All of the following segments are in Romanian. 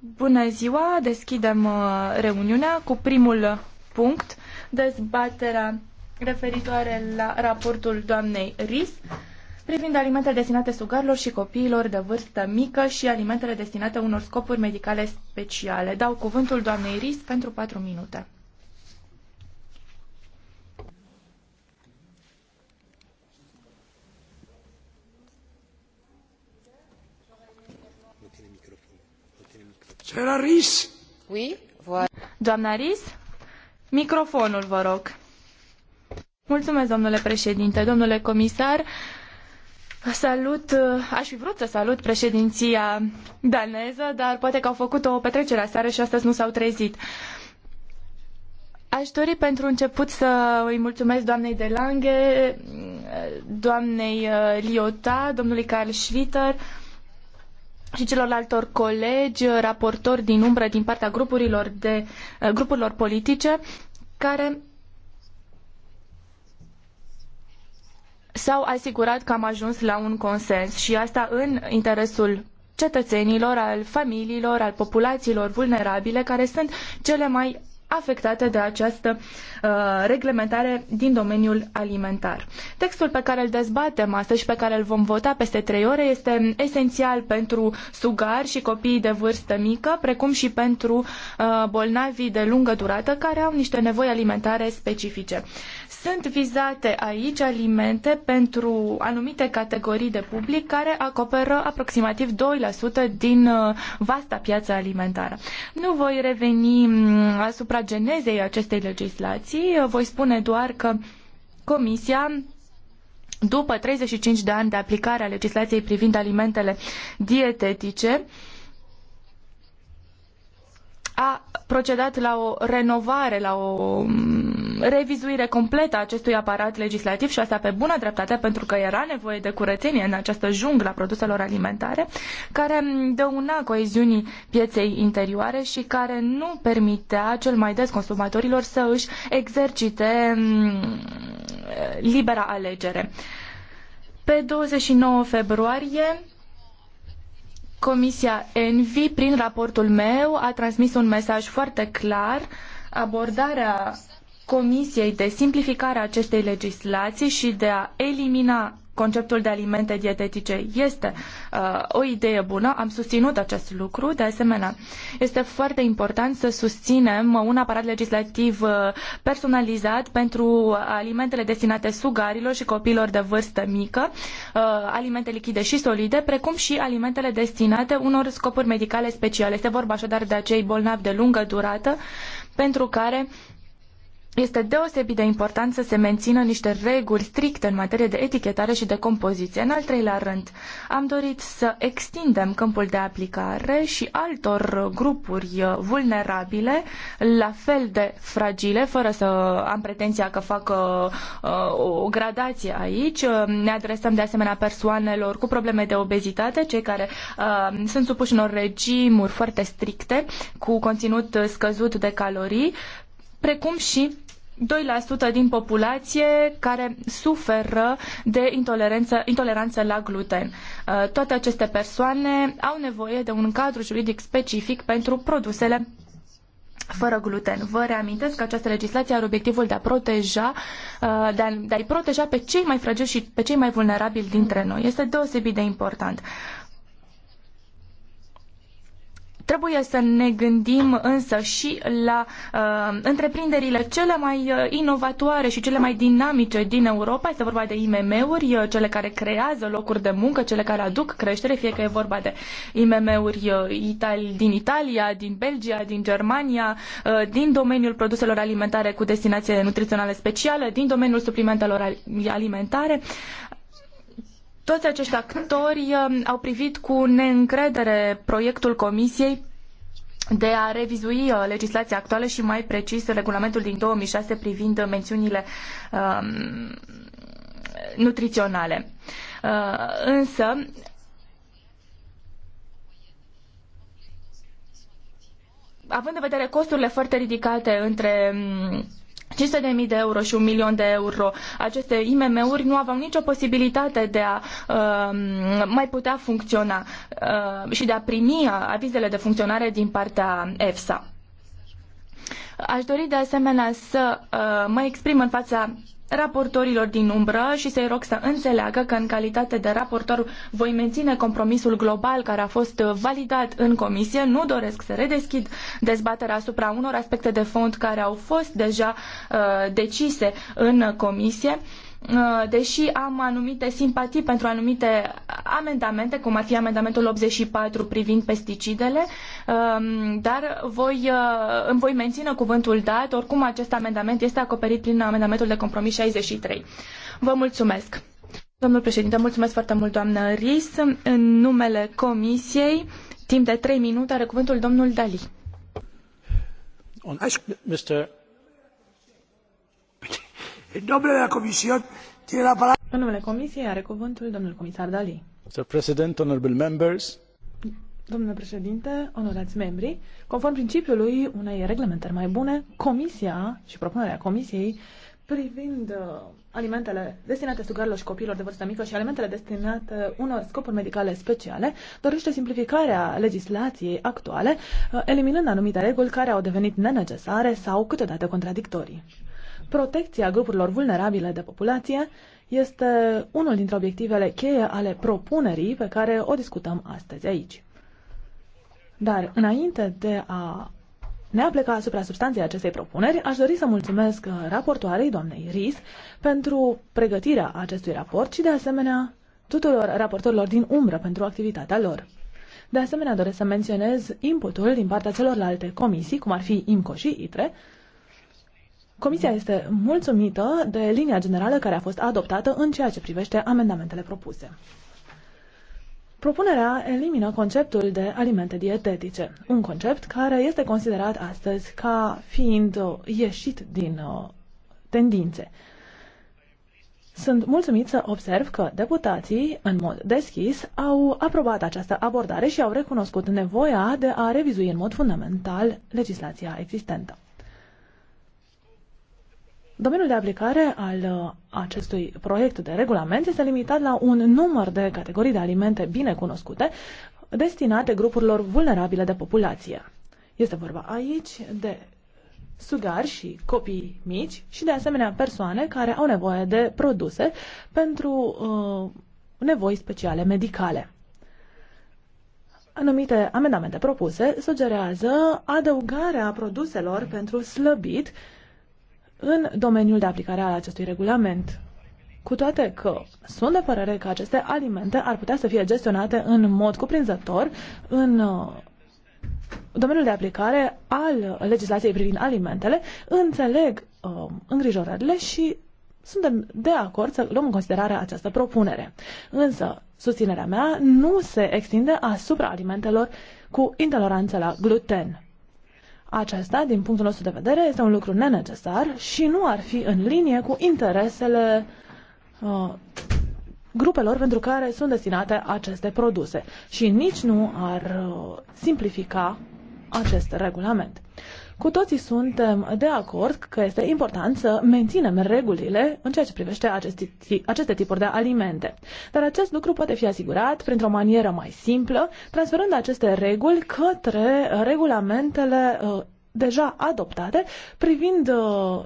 Bună ziua, deschidem uh, reuniunea cu primul punct, dezbaterea referitoare la raportul doamnei Ris privind alimentele destinate sugarilor și copiilor de vârstă mică și alimentele destinate unor scopuri medicale speciale. Dau cuvântul doamnei Ris pentru patru minute. Señora Ries. microfonul, vă rog. Mulțumesc, domnule președinte, domnule comisar. Salut, aș fi vrut să salut președinția daneză, dar poate că au făcut o petrecere aseară și astăzi nu s-au trezit. Aș dori pentru început să îi mulțumesc doamnei de Lange, doamnei uh, Liota, domnului Carl Schwitter și celorlaltor colegi, raportori din umbră din partea grupurilor, de, eh, grupurilor politice care s-au asigurat că am ajuns la un consens și asta în interesul cetățenilor, al familiilor, al populațiilor vulnerabile, care sunt cele mai afectate de această uh, reglementare din domeniul alimentar. Textul pe care îl dezbatem astăzi și pe care îl vom vota peste trei ore este esențial pentru sugari și copiii de vârstă mică, precum și pentru uh, bolnavii de lungă durată care au niște nevoi alimentare specifice. Sunt vizate aici alimente pentru anumite categorii de public care acoperă aproximativ 2% din uh, vasta piață alimentară. Nu voi reveni mm, asupra genezei acestei legislații, uh, voi spune doar că Comisia după 35 de ani de aplicare a legislației privind alimentele dietetice, a procedat la o renovare, la o mm, revizuire completă a acestui aparat legislativ și asta pe bună dreptate pentru că era nevoie de curățenie în această junglă a produselor alimentare care mm, dăuna coeziunii pieței interioare și care nu permitea cel mai des consumatorilor să își exercite mm, libera alegere. Pe 29 februarie Comisia Envi, prin raportul meu, a transmis un mesaj foarte clar. Abordarea Comisiei de simplificare a acestei legislații și de a elimina conceptul de alimente dietetice este uh, o idee bună, am susținut acest lucru, de asemenea, este foarte important să susținem un aparat legislativ uh, personalizat pentru alimentele destinate sugarilor și copiilor de vârstă mică, uh, alimente lichide și solide, precum și alimentele destinate unor scopuri medicale speciale. Este vorba așadar de acei bolnavi de lungă durată pentru care este deosebit de important să se mențină niște reguli stricte în materie de etichetare și de compoziție. În al treilea rând, am dorit să extindem câmpul de aplicare și altor grupuri uh, vulnerabile, la fel de fragile, fără să am pretenția că fac uh, uh, o gradație aici. Ne adresăm de asemenea persoanelor cu probleme de obezitate, cei care uh, sunt supuși unor regimuri foarte stricte, cu conținut scăzut de calorii, precum și 2% din populație care suferă de intoleranță, la gluten. Uh, toate aceste persoane au nevoie de un cadru juridic specific pentru produsele fără gluten. Vă reamintesc că această legislație are obiectivul de a proteja, uh, de a-i proteja pe cei mai fragili și pe cei mai vulnerabili dintre noi. Este deosebit de important. Trebuie să ne gândim însă și la uh, întreprinderile cele mai uh, inovatoare și cele mai dinamice din Europa. Este vorba de IMM-uri, uh, cele care creează locuri de muncă, cele care aduc creștere, fie că e vorba de IMM-uri uh, itali- din Italia, din Belgia, din Germania, uh, din domeniul produselor alimentare cu destinație nutrițională specială, din domeniul suplimentelor alimentare. Toți acești actori um, au privit cu neîncredere proiectul Comisiei de a revizui uh, legislația actuală și mai precis regulamentul din 2006 privind mențiunile um, nutriționale. Uh, însă, având în vedere costurile foarte ridicate între um, 500.000 de euro și un milion de euro. Aceste IMM-uri nu aveau nicio posibilitate de a uh, mai putea funcționa uh, și de a primi avizele de funcționare din partea EFSA. Aș dori de asemenea să uh, mă exprim în fața raportorilor din umbră și să-i rog să înțeleagă că în calitate de raportor voi menține compromisul global care a fost validat în comisie. Nu doresc să redeschid dezbaterea asupra unor aspecte de fond care au fost deja uh, decise în comisie. Uh, Uh, deși am anumite simpatii pentru anumite amendamente, cum ar fi amendamentul 84 privind pesticidele, um, dar voi, uh, îmi voi menține cuvântul dat, oricum acest amendament este acoperit prin amendamentul de compromis 63. Vă mulțumesc! Domnul președinte, mulțumesc foarte mult, doamnă Ris. În numele Comisiei, timp de trei minute, are cuvântul domnul Dali. On... Mr. Domnule Comisie, Comisiei are cuvântul domnul comisar Dali. Mr. President, members, Domnule președinte, onorați membri, conform principiului unei reglementări mai bune, Comisia și propunerea Comisiei privind uh, alimentele destinate sugarilor și copiilor de vârstă mică și alimentele destinate unor scopuri medicale speciale, dorește simplificarea legislației actuale, uh, eliminând anumite reguli care au devenit nenecesare sau câteodată contradictorii. Protecția grupurilor vulnerabile de populație este unul dintre obiectivele cheie ale propunerii pe care o discutăm astăzi aici. Dar înainte de a ne apleca asupra substanței acestei propuneri, aș dori să mulțumesc uh, raportoarei doamnei Ris pentru pregătirea acestui raport și de asemenea tuturor raportorilor din umbră pentru activitatea lor. De asemenea, doresc să menționez inputul din partea celorlalte comisii, cum ar fi IMCO și ITRE, Comisia este mulțumită de linia generală care a fost adoptată în ceea ce privește amendamentele propuse. Propunerea elimină conceptul de alimente dietetice, un concept care este considerat astăzi ca fiind uh, ieșit din uh, tendințe. Sunt mulțumit să observ că deputații, în mod deschis, au aprobat această abordare și au recunoscut nevoia de a revizui în mod fundamental legislația existentă. Domeniul de aplicare al uh, acestui proiect de regulament este limitat la un număr de categorii de alimente bine cunoscute destinate grupurilor vulnerabile de populație. Este vorba aici de sugari și copii mici și de asemenea persoane care au nevoie de produse pentru uh, nevoi speciale medicale. Anumite amendamente propuse sugerează adăugarea produselor pentru slăbit uh, în domeniul de aplicare al acestui regulament. Cu toate că sunt de părere că aceste alimente ar putea să fie gestionate în mod cuprinzător în uh, domeniul de aplicare al legislației privind alimentele, înțeleg uh, îngrijorările și suntem de acord să luăm în considerare această propunere. Însă, susținerea mea nu se extinde asupra alimentelor cu intoleranță la gluten. Aceasta, din punctul nostru de vedere, este un lucru nenecesar și nu ar fi în linie cu interesele uh, grupelor pentru care sunt destinate aceste produse și nici nu ar uh, simplifica acest regulament. Cu toții suntem de acord că este important să menținem regulile în ceea ce privește aceste, aceste tipuri de alimente. Dar acest lucru poate fi asigurat printr-o manieră mai simplă, transferând aceste reguli către regulamentele uh, deja adoptate privind uh,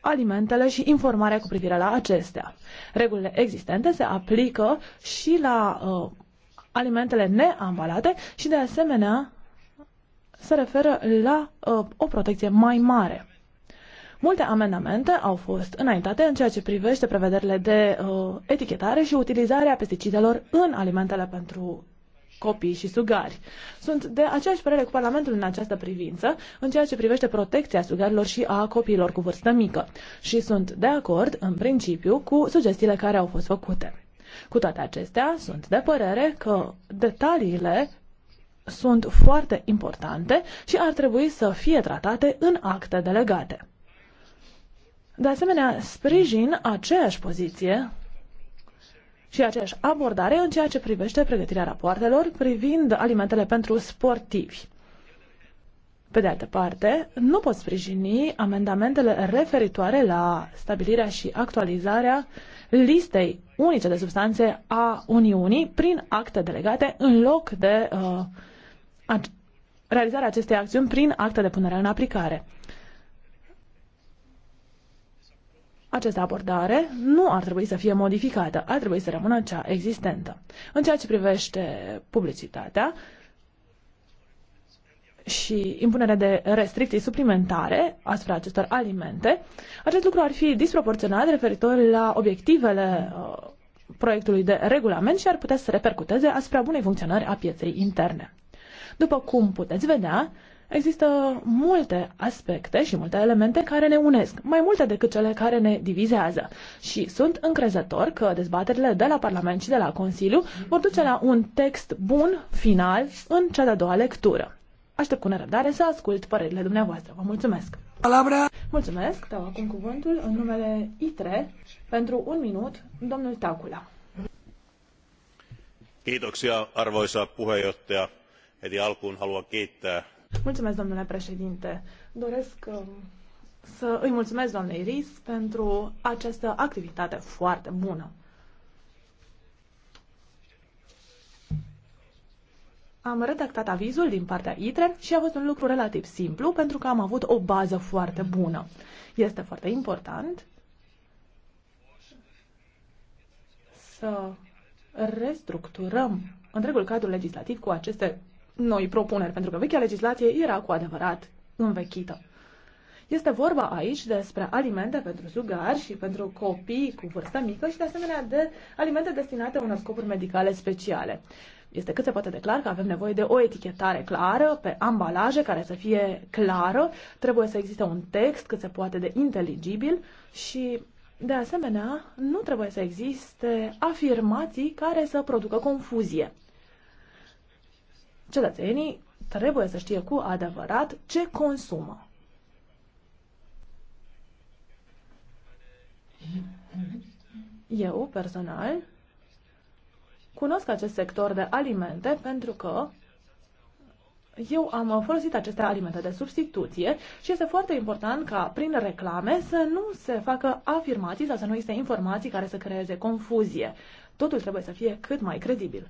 alimentele și informarea cu privire la acestea. Regulile existente se aplică și la uh, alimentele neambalate și de asemenea se referă la uh, o protecție mai mare. Multe amendamente au fost înaintate în ceea ce privește prevederile de uh, etichetare și utilizarea pesticidelor în alimentele pentru copii și sugari. Sunt de aceeași părere cu Parlamentul în această privință, în ceea ce privește protecția sugarilor și a copiilor cu vârstă mică. Și sunt de acord, în principiu, cu sugestiile care au fost făcute. Cu toate acestea, sunt de părere că detaliile sunt foarte importante și ar trebui să fie tratate în acte delegate. De asemenea, sprijin aceeași poziție și aceeași abordare în ceea ce privește pregătirea rapoartelor privind alimentele pentru sportivi. Pe de altă parte, nu pot sprijini amendamentele referitoare la stabilirea și actualizarea listei unice de substanțe a Uniunii prin acte delegate în loc de uh, realizarea acestei acțiuni prin acte de punere în aplicare. Această abordare nu ar trebui să fie modificată, ar trebui să rămână cea existentă. În ceea ce privește publicitatea și impunerea de restricții suplimentare asupra acestor alimente, acest lucru ar fi disproporționat referitor la obiectivele uh, proiectului de regulament și ar putea să repercuteze asupra bunei funcționări a pieței interne. După cum puteți vedea, există multe aspecte și multe elemente care ne unesc, mai multe decât cele care ne divizează. Și sunt încrezător că dezbaterile de la Parlament și de la Consiliu vor duce la un text bun, final, în cea de-a doua lectură. Aștept cu nerăbdare să ascult părerile dumneavoastră. Vă mulțumesc! Palabra. Mulțumesc! Dau acum cuvântul în numele ITRE pentru un minut, domnul Tacula. Kiitoksia, arvoisa puheenjohtaja heti alkuun haluan kiittää. Mulțumesc, domnule președinte. Doresc um, să îi mulțumesc doamnei Ris pentru această activitate foarte bună. Am redactat avizul din partea ITRE și a fost un lucru relativ simplu pentru că am avut o bază foarte bună. Este foarte important să restructurăm întregul cadru legislativ cu aceste noi propuneri, pentru că vechea legislație era cu adevărat învechită. Este vorba aici despre alimente pentru sugari și pentru copii cu vârstă mică și de asemenea de alimente destinate unor scopuri medicale speciale. Este cât se poate declar că avem nevoie de o etichetare clară pe ambalaje care să fie clară, trebuie să existe un text cât se poate de inteligibil și de asemenea, nu trebuie să existe afirmații care să producă confuzie. Cetățenii trebuie să știe cu adevărat ce consumă. Eu, personal, cunosc acest sector de alimente pentru că eu am folosit aceste alimente de substituție și este foarte important ca prin reclame să nu se facă afirmații sau să nu existe informații care să creeze confuzie. Totul trebuie să fie cât mai credibil.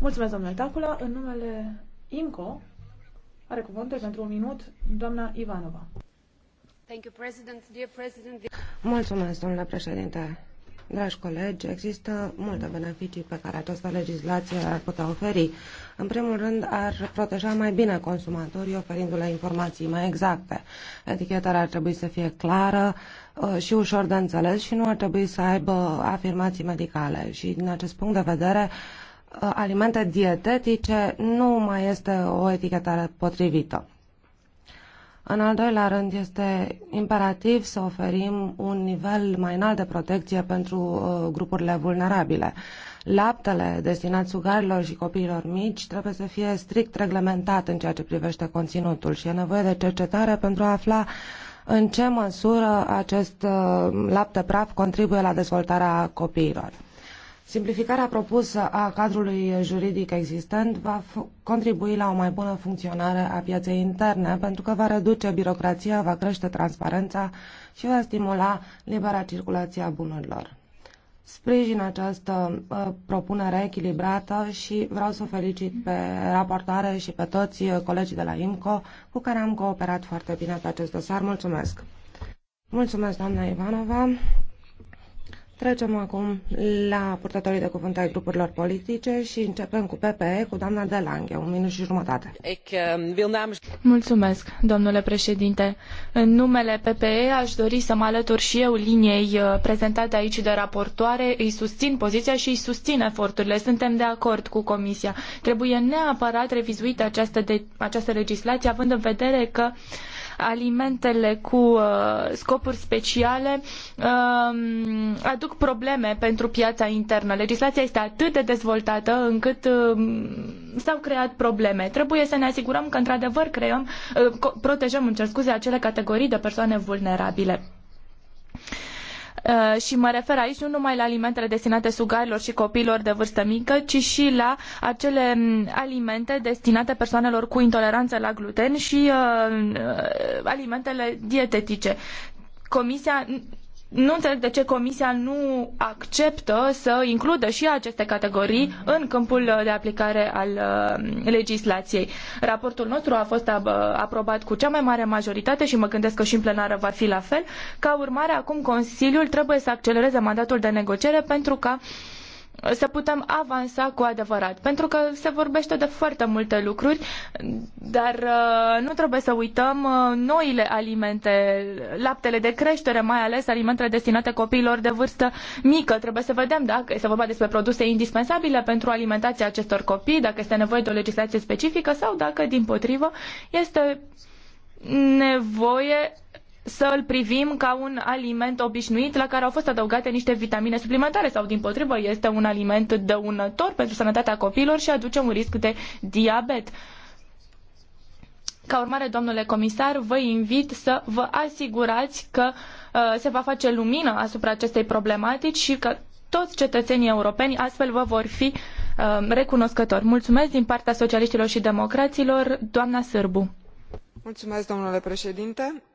Mulțumesc, domnule Tacula. În numele IMCO are cuvântul pentru un minut doamna Ivanova. Thank you, President. Dear President... Mulțumesc, domnule președinte. Dragi colegi, există multe beneficii pe care această legislație ar putea oferi. În primul rând, ar proteja mai bine consumatorii, oferindu-le informații mai exacte. Etichetarea ar trebui să fie clară uh, și ușor de înțeles și nu ar trebui să aibă afirmații medicale. Și din acest punct de vedere, alimente dietetice nu mai este o etichetare potrivită. În al doilea rând, este imperativ să oferim un nivel mai înalt de protecție pentru uh, grupurile vulnerabile. Laptele destinat sugarilor și copiilor mici trebuie să fie strict reglementat în ceea ce privește conținutul și e nevoie de cercetare pentru a afla în ce măsură acest uh, lapte praf contribuie la dezvoltarea copiilor. Simplificarea propusă a cadrului juridic existent va contribui la o mai bună funcționare a pieței interne, pentru că va reduce birocrația, va crește transparența și va stimula libera circulație a bunurilor. Sprijin această uh, propunere echilibrată și vreau să o felicit pe raportare și pe toți uh, colegii de la IMCO cu care am cooperat foarte bine pe acest dosar. Mulțumesc! Mulțumesc, doamna Ivanova! Trecem acum la purtătorii de cuvânt ai grupurilor politice și începem cu PPE, cu doamna de Lange, un minut și jumătate. Ehm, Mulțumesc, domnule președinte. În numele PPE aș dori să mă alătur și eu liniei uh, prezentate aici de raportoare. Îi susțin poziția și îi susțin eforturile. Suntem de acord cu Comisia. Trebuie neapărat revizuită această, de, această legislație, având în vedere că uh, alimentele cu uh, scopuri speciale um, aduc probleme pentru piața internă. Legislația este atât de dezvoltată încât um, s-au creat probleme. Trebuie să ne asigurăm că într-adevăr creăm, uh, protejăm, în cer scuze, acele categorii de persoane vulnerabile. Uh, și mă refer aici nu numai la alimentele destinate sugarilor și copiilor de vârstă mică, ci și la acele mm, alimente destinate persoanelor cu intoleranță la gluten și uh, uh, alimentele dietetice. Comisia nu înțeleg de ce Comisia nu acceptă să includă și aceste categorii în câmpul de aplicare al uh, legislației. Raportul nostru a fost aprobat cu cea mai mare majoritate și mă gândesc că și în plenară va fi la fel. Ca urmare, acum Consiliul trebuie să accelereze mandatul de negociere pentru ca să putem avansa cu adevărat. Pentru că se vorbește de foarte multe lucruri, dar uh, nu trebuie să uităm uh, noile alimente, laptele de creștere, mai ales alimentele destinate copiilor de vârstă mică. Trebuie să vedem dacă se vorba despre produse indispensabile pentru alimentația acestor copii, dacă este nevoie de o legislație specifică sau dacă, din potrivă, este nevoie să îl privim ca un aliment obișnuit la care au fost adăugate niște vitamine suplimentare sau din potrivă este un aliment dăunător pentru sănătatea copiilor și aduce un risc de diabet. Ca urmare, domnule comisar, vă invit să vă asigurați că uh, se va face lumină asupra acestei problematici și că toți cetățenii europeni astfel vă vor fi uh, recunoscători. Mulțumesc din partea socialiștilor și democraților, doamna Sârbu. Mulțumesc, domnule președinte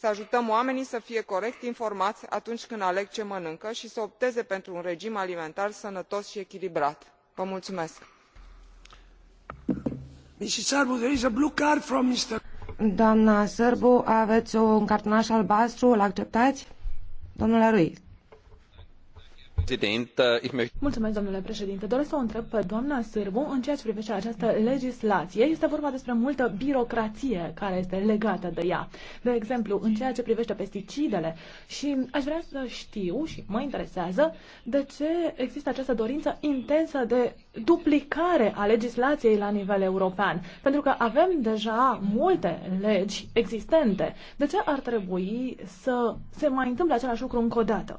să ajutăm oamenii să fie corect informați atunci când aleg ce mănâncă și să opteze pentru un regim alimentar sănătos și echilibrat. vă mulțumesc. doamnă srbu aveți un cartonaș albastru îl acceptați? domnule ruiz Mulțumesc, domnule președinte. Doresc să o întreb pe doamna Sârbu în ceea ce privește această legislație. Este vorba despre multă birocrație care este legată de ea. De exemplu, în ceea ce privește pesticidele. Și aș vrea să știu și mă interesează de ce există această dorință intensă de duplicare a legislației la nivel european. Pentru că avem deja multe legi existente. De ce ar trebui să se mai întâmple același lucru încă o dată?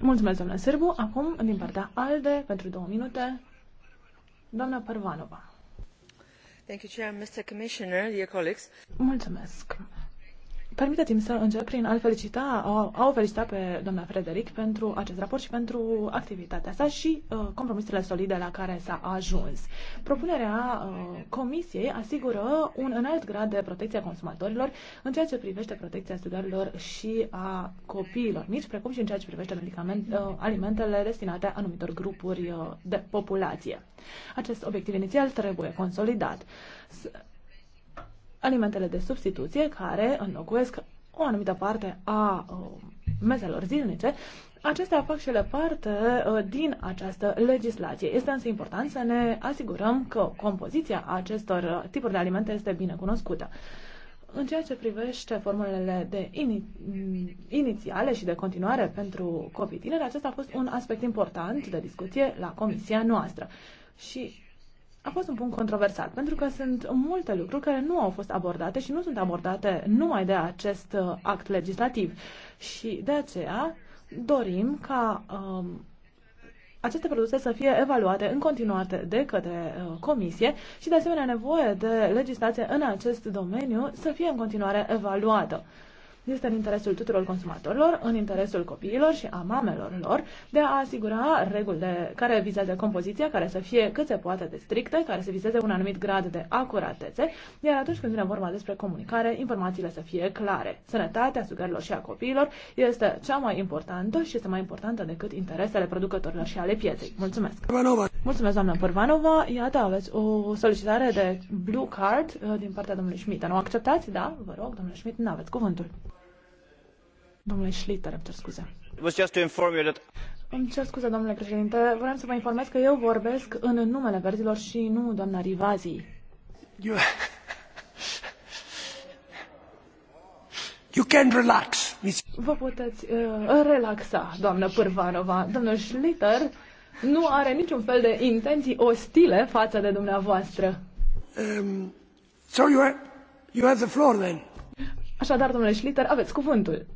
Mulțumesc, doamna Sârbu. Acum, din partea ALDE, pentru două minute, doamna Parvanova. Thank you, Chair, Mr. Commissioner, dear colleagues. Mulțumesc. Permiteți-mi să încep prin a-l felicita, a o felicita pe doamna Frederic pentru acest raport și pentru activitatea sa și uh, compromisurile solide la care s-a ajuns. Propunerea uh, comisiei asigură un înalt grad de protecție a consumatorilor în ceea ce privește protecția studenților și a copiilor mici, precum și în ceea ce privește medicament, uh, alimentele destinate anumitor grupuri uh, de populație. Acest obiectiv inițial trebuie consolidat. S alimentele de substituție care înlocuiesc o anumită parte a uh, meselor zilnice, acestea fac și ele parte uh, din această legislație. Este însă important să ne asigurăm că compoziția acestor uh, tipuri de alimente este bine cunoscută. În ceea ce privește formulele de ini mm, inițiale și de continuare pentru copii tineri, acesta a fost un aspect important de discuție la comisia noastră. Și a fost un punct controversat, pentru că sunt multe lucruri care nu au fost abordate și nu sunt abordate numai de acest uh, act legislativ. Și de aceea dorim ca um, aceste produse să fie evaluate în continuare de către uh, comisie și de asemenea nevoie de legislație în acest domeniu să fie în continuare evaluată. Este în interesul tuturor consumatorilor, în interesul copiilor și a mamelor lor de a asigura reguli de, care vizează compoziția, care să fie cât se poate de strictă, care să vizeze un anumit grad de acuratețe, iar atunci când vine vorba despre comunicare, informațiile să fie clare. Sănătatea sugărilor și a copiilor este cea mai importantă și este mai importantă decât interesele producătorilor și ale pieței. Mulțumesc! Părvanova. Mulțumesc, doamna Părvanova! Iată, aveți o solicitare de blue card uh, din partea domnului Schmidt. Nu acceptați? Da? Vă rog, domnule Schmidt, nu aveți cuvântul. Domnule îmi cer scuze. domnule președinte. Vreau să vă informez că eu vorbesc în numele verzilor și nu doamna Rivazi. You... You can relax, miss. Vă puteți uh, relaxa, doamnă Pârvanova. Domnul Schlitter nu are niciun fel de intenții ostile față de dumneavoastră. Um, so you, have, you have the floor then. Așadar, domnule Schlitter, aveți cuvântul.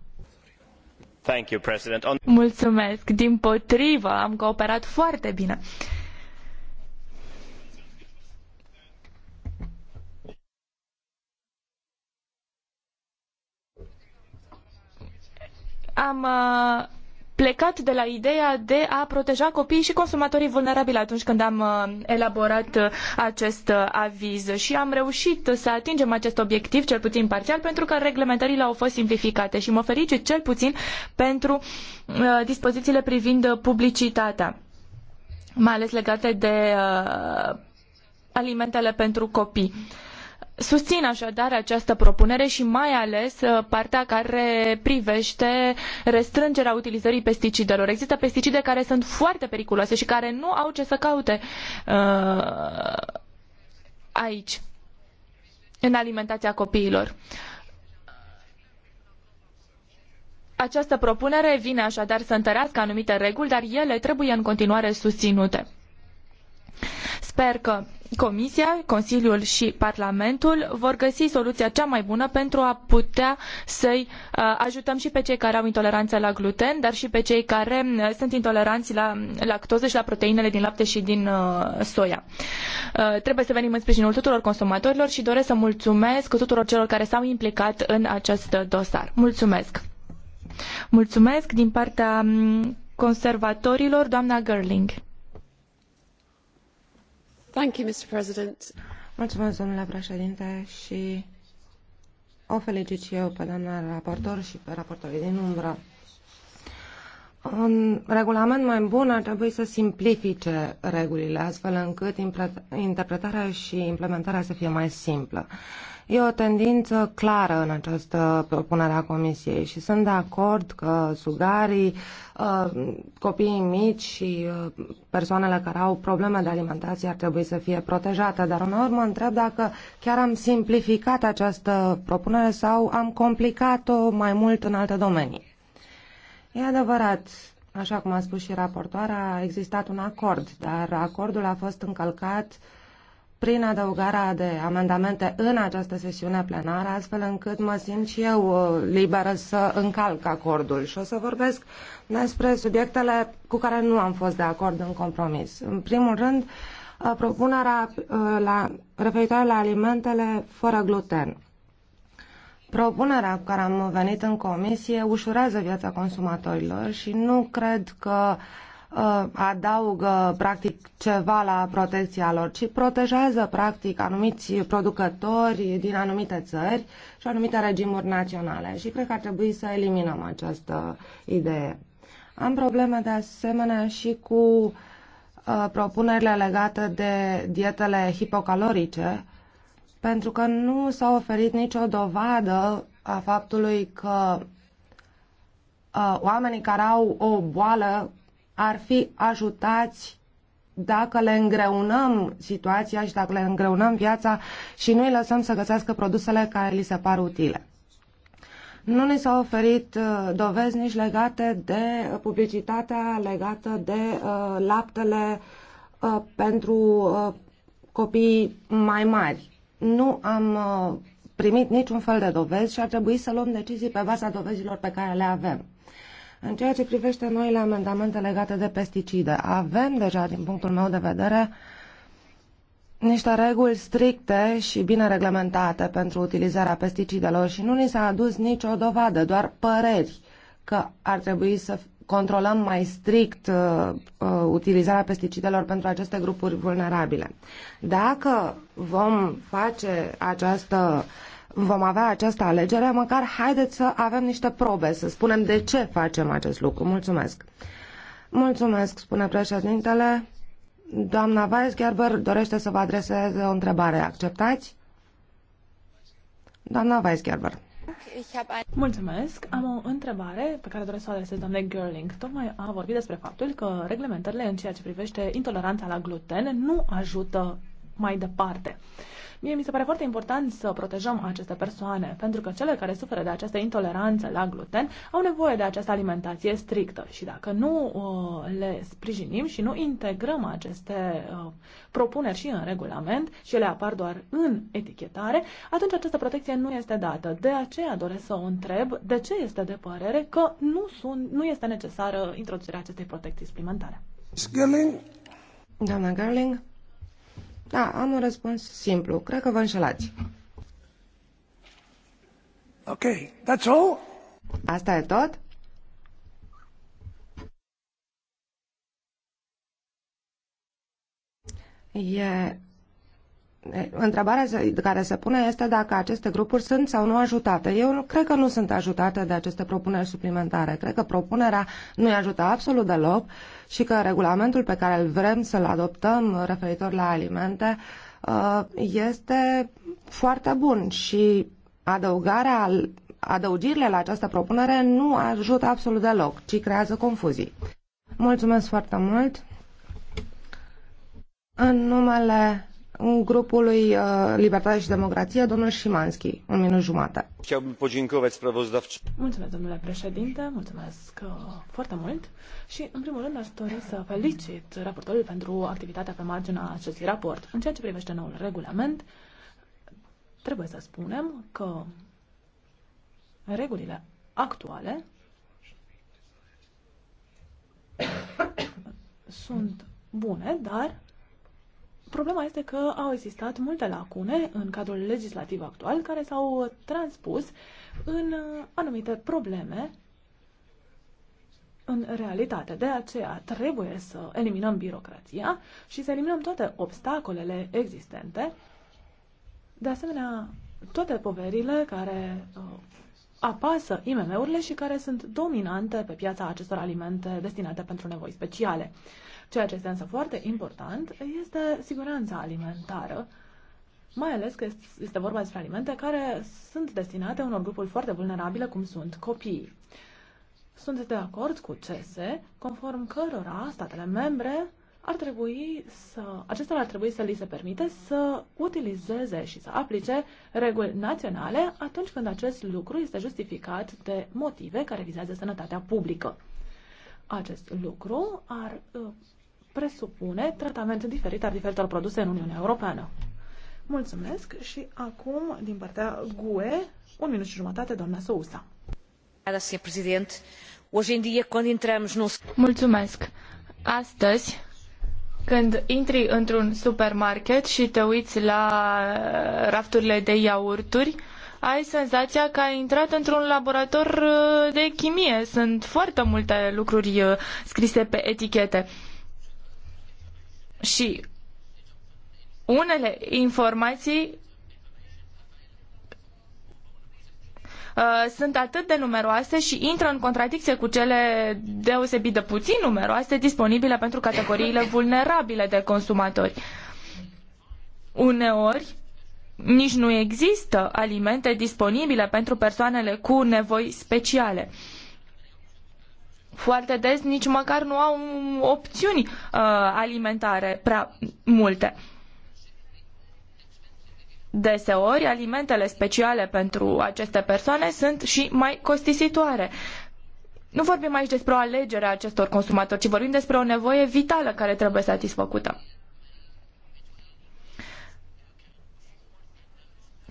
Mulțumesc. Din potrivă, am cooperat foarte bine. Am uh plecat de la ideea de a proteja copiii și consumatorii vulnerabili atunci când am uh, elaborat uh, acest uh, aviz și am reușit să atingem acest obiectiv, cel puțin parțial, pentru că reglementările au fost simplificate și mă felicit cel puțin pentru dispozițiile privind publicitatea, mai ales legate de alimentele pentru copii. Susțin așadar această propunere și mai ales uh, partea care privește restrângerea utilizării pesticidelor. Există pesticide care sunt foarte periculoase și care nu au ce să caute uh, aici, în alimentația copiilor. Această propunere vine așadar să întărească anumite reguli, dar ele trebuie în continuare susținute. Sper că Comisia, Consiliul și Parlamentul vor găsi soluția cea mai bună pentru a putea să-i uh, ajutăm și pe cei care au intoleranță la gluten, dar și pe cei care uh, sunt intoleranți la lactoză și la proteinele din lapte și din uh, soia. Trebuie să venim în sprijinul tuturor consumatorilor și doresc să mulțumesc tuturor celor care s-au implicat în acest dosar. Mulțumesc! Mulțumesc din partea mm, conservatorilor, doamna Gerling domnule președinte, o felicit și eu pe doamna raportor și pe raportorii din umbră un regulament mai bun ar trebui să simplifice regulile, astfel încât interpretarea și implementarea să fie mai simplă. E o tendință clară în această propunere a Comisiei și sunt de acord că sugarii, uh, copiii mici și uh, persoanele care au probleme de alimentație ar trebui să fie protejate, dar uneori mă întreb dacă chiar am simplificat această propunere sau am complicat-o mai mult în alte domenii. E adevărat, așa cum a spus și raportoarea, a existat un acord, dar acordul a fost încălcat prin adăugarea de amendamente în această sesiune plenară, astfel încât mă simt și eu uh, liberă să încalc acordul și o să vorbesc despre subiectele cu care nu am fost de acord în compromis. În primul rând, uh, propunerea uh, la, referitoare la alimentele fără gluten. Propunerea cu care am venit în comisie ușurează viața consumatorilor și nu cred că uh, adaugă practic ceva la protecția lor, ci protejează practic anumiți producători din anumite țări și anumite regimuri naționale și cred că ar trebui să eliminăm această idee. Am probleme de asemenea și cu uh, propunerile legate de dietele hipocalorice, pentru că nu s-a oferit nicio dovadă a faptului că uh, oamenii care au o boală ar fi ajutați dacă le îngreunăm situația și dacă le îngreunăm viața și nu îi lăsăm să găsească produsele care li se par utile. Nu ne s-au oferit uh, dovezi nici legate de publicitatea legată de uh, laptele uh, pentru uh, copii mai mari nu am uh, primit niciun fel de dovezi și ar trebui să luăm decizii pe baza dovezilor pe care le avem. În ceea ce privește noile amendamente legate de pesticide, avem deja, din punctul meu de vedere, niște reguli stricte și bine reglementate pentru utilizarea pesticidelor și nu ni s-a adus nicio dovadă, doar păreri că ar trebui să controlăm mai strict uh, uh, utilizarea pesticidelor pentru aceste grupuri vulnerabile. Dacă vom face această vom avea această alegere, măcar haideți să avem niște probe, să spunem de ce facem acest lucru. Mulțumesc. Mulțumesc, spune președintele. Doamna Weisgerber dorește să vă adreseze o întrebare. Acceptați? Doamna Weisgerber. Mulțumesc. Am o întrebare pe care doresc să o adresez doamnei Girling. Tocmai a vorbit despre faptul că reglementările în ceea ce privește intoleranța la gluten nu ajută mai departe. Uh, Mie mi se pare foarte important să protejăm aceste persoane, pentru că cele care suferă de această intoleranță la gluten au nevoie de această alimentație strictă și dacă nu uh, le sprijinim și nu integrăm aceste uh, propuneri și în regulament și ele apar doar în etichetare, atunci această protecție nu este dată. De aceea doresc să o întreb de ce este de părere că nu, sunt, nu este necesară introducerea acestei protecții suplimentare. Doamna Garling. Da, am un răspuns simplu. Cred că vă înșelați. Ok, that's all? Asta e tot? E Întrebarea care se pune este dacă aceste grupuri sunt sau nu ajutate. Eu nu, cred că nu sunt ajutate de aceste propuneri suplimentare. Cred că propunerea nu îi ajută absolut deloc și că regulamentul pe care îl vrem să-l adoptăm referitor la alimente uh, este foarte bun și adăugarea, adăugirile la această propunere nu ajută absolut deloc, ci creează confuzii. Mulțumesc foarte mult! În numele grupului uh, Libertate și Democrație, domnul Șimanski, un minut jumate. Mulțumesc, domnule președinte, mulțumesc uh, foarte mult și, în primul rând, aș dori să felicit raportorul pentru activitatea pe marginea acestui raport. În ceea ce privește noul regulament, trebuie să spunem că regulile actuale sunt bune, dar Problema este că au existat multe lacune în cadrul legislativ actual care s-au transpus în anumite probleme în realitate. De aceea trebuie să eliminăm birocrația și să eliminăm toate obstacolele existente, de asemenea toate poverile care uh, apasă IMM-urile și care sunt dominante pe piața acestor alimente destinate pentru nevoi speciale. Ceea ce este însă foarte important este siguranța alimentară, mai ales că este vorba despre alimente care sunt destinate unor grupuri foarte vulnerabile, cum sunt copiii. Sunt de acord cu CESE, conform cărora statele membre ar trebui să, acestora ar trebui să li se permite să utilizeze și să aplice reguli naționale atunci când acest lucru este justificat de motive care vizează sănătatea publică. Acest lucru ar uh, presupune tratament diferit al diferitelor produse în Uniunea Europeană. Mulțumesc și acum, din partea GUE, un minut și jumătate, doamna Sousa. Mulțumesc. Astăzi, când intri într-un supermarket și te uiți la rafturile de iaurturi, ai senzația că ai intrat într-un laborator uh, de chimie. Sunt foarte multe lucruri uh, scrise pe etichete. Și unele informații uh, sunt atât de numeroase și intră în contradicție cu cele deosebit de puțin numeroase disponibile pentru categoriile vulnerabile de consumatori. Uneori, nici nu există alimente disponibile pentru persoanele cu nevoi speciale. Uh, foarte des nici măcar nu au opțiuni uh, alimentare prea multe. Deseori, alimentele speciale pentru aceste persoane sunt și mai costisitoare. Nu vorbim aici despre o alegere a acestor consumatori, ci vorbim despre o nevoie vitală care trebuie satisfăcută.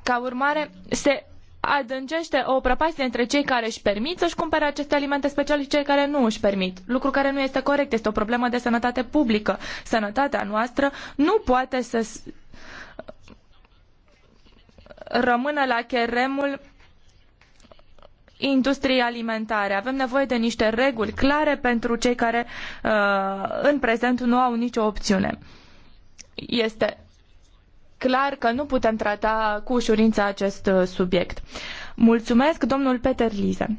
Ca urmare, se adâncește o prăpastie între cei care își permit să-și cumpere aceste alimente speciale și cei care nu își permit. Lucru care nu este corect, este o problemă de sănătate publică. Sănătatea noastră nu poate să rămână la cheremul industriei alimentare. Avem nevoie de niște reguli clare pentru cei care uh, în prezent nu au nicio opțiune. Este clar că nu putem trata cu ușurință acest uh, subiect. Mulțumesc, domnul Peter Lise.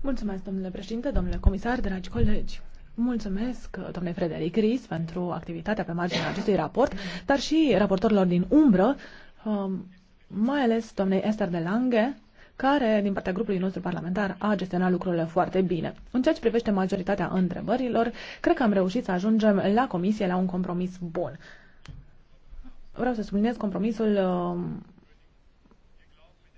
Mulțumesc, domnule președinte, domnule comisar, dragi colegi. Mulțumesc, uh, domnule Frederic Ries, pentru activitatea pe marginea acestui raport, dar și raportorilor din umbră, um, mai ales doamnei Esther de Lange, care, din partea grupului nostru parlamentar, a gestionat lucrurile foarte bine. În ceea ce privește majoritatea întrebărilor, cred că am reușit să ajungem la comisie la un compromis bun vreau să subliniez compromisul um,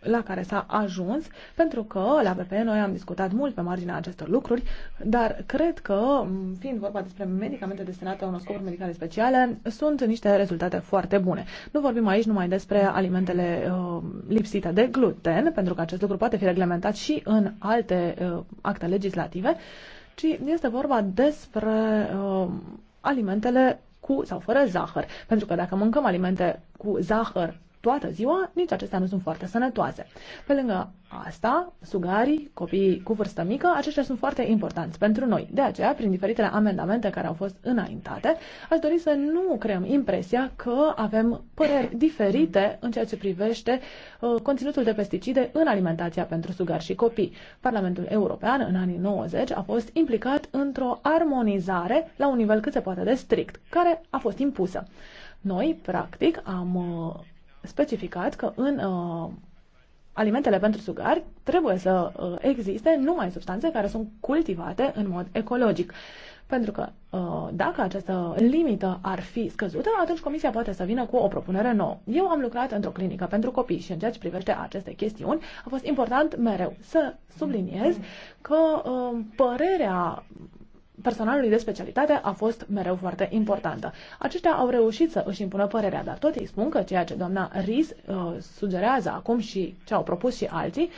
la care s-a ajuns, pentru că la PP noi am discutat mult pe marginea acestor lucruri, dar cred că, um, fiind vorba despre medicamente destinate unor scopuri medicale speciale, sunt niște rezultate foarte bune. Nu vorbim aici numai despre alimentele uh, lipsite de gluten, pentru că acest lucru poate fi reglementat și în alte uh, acte legislative, ci este vorba despre uh, alimentele cu sau fără zahăr. Pentru că dacă mâncăm alimente cu zahăr toată ziua, nici acestea nu sunt foarte sănătoase. Pe lângă asta, sugarii, copiii cu vârstă mică, aceștia sunt foarte importanți pentru noi. De aceea, prin diferitele amendamente care au fost înaintate, aș dori să nu creăm impresia că avem păreri diferite în ceea ce privește uh, conținutul de pesticide în alimentația pentru sugari și copii. Parlamentul European, în anii 90, a fost implicat într-o armonizare la un nivel cât se poate de strict, care a fost impusă. Noi, practic, am uh, specificat că în uh, alimentele pentru sugari trebuie să uh, existe numai substanțe care sunt cultivate în mod ecologic. Pentru că uh, dacă această limită ar fi scăzută, atunci comisia poate să vină cu o propunere nouă. Eu am lucrat într-o clinică pentru copii și în ceea ce privește aceste chestiuni a fost important mereu să subliniez că uh, părerea personalului de specialitate a fost mereu foarte importantă. Aceștia au reușit să își impună părerea, dar tot ei spun că ceea ce doamna Riz uh, sugerează acum și ce au propus și alții uh,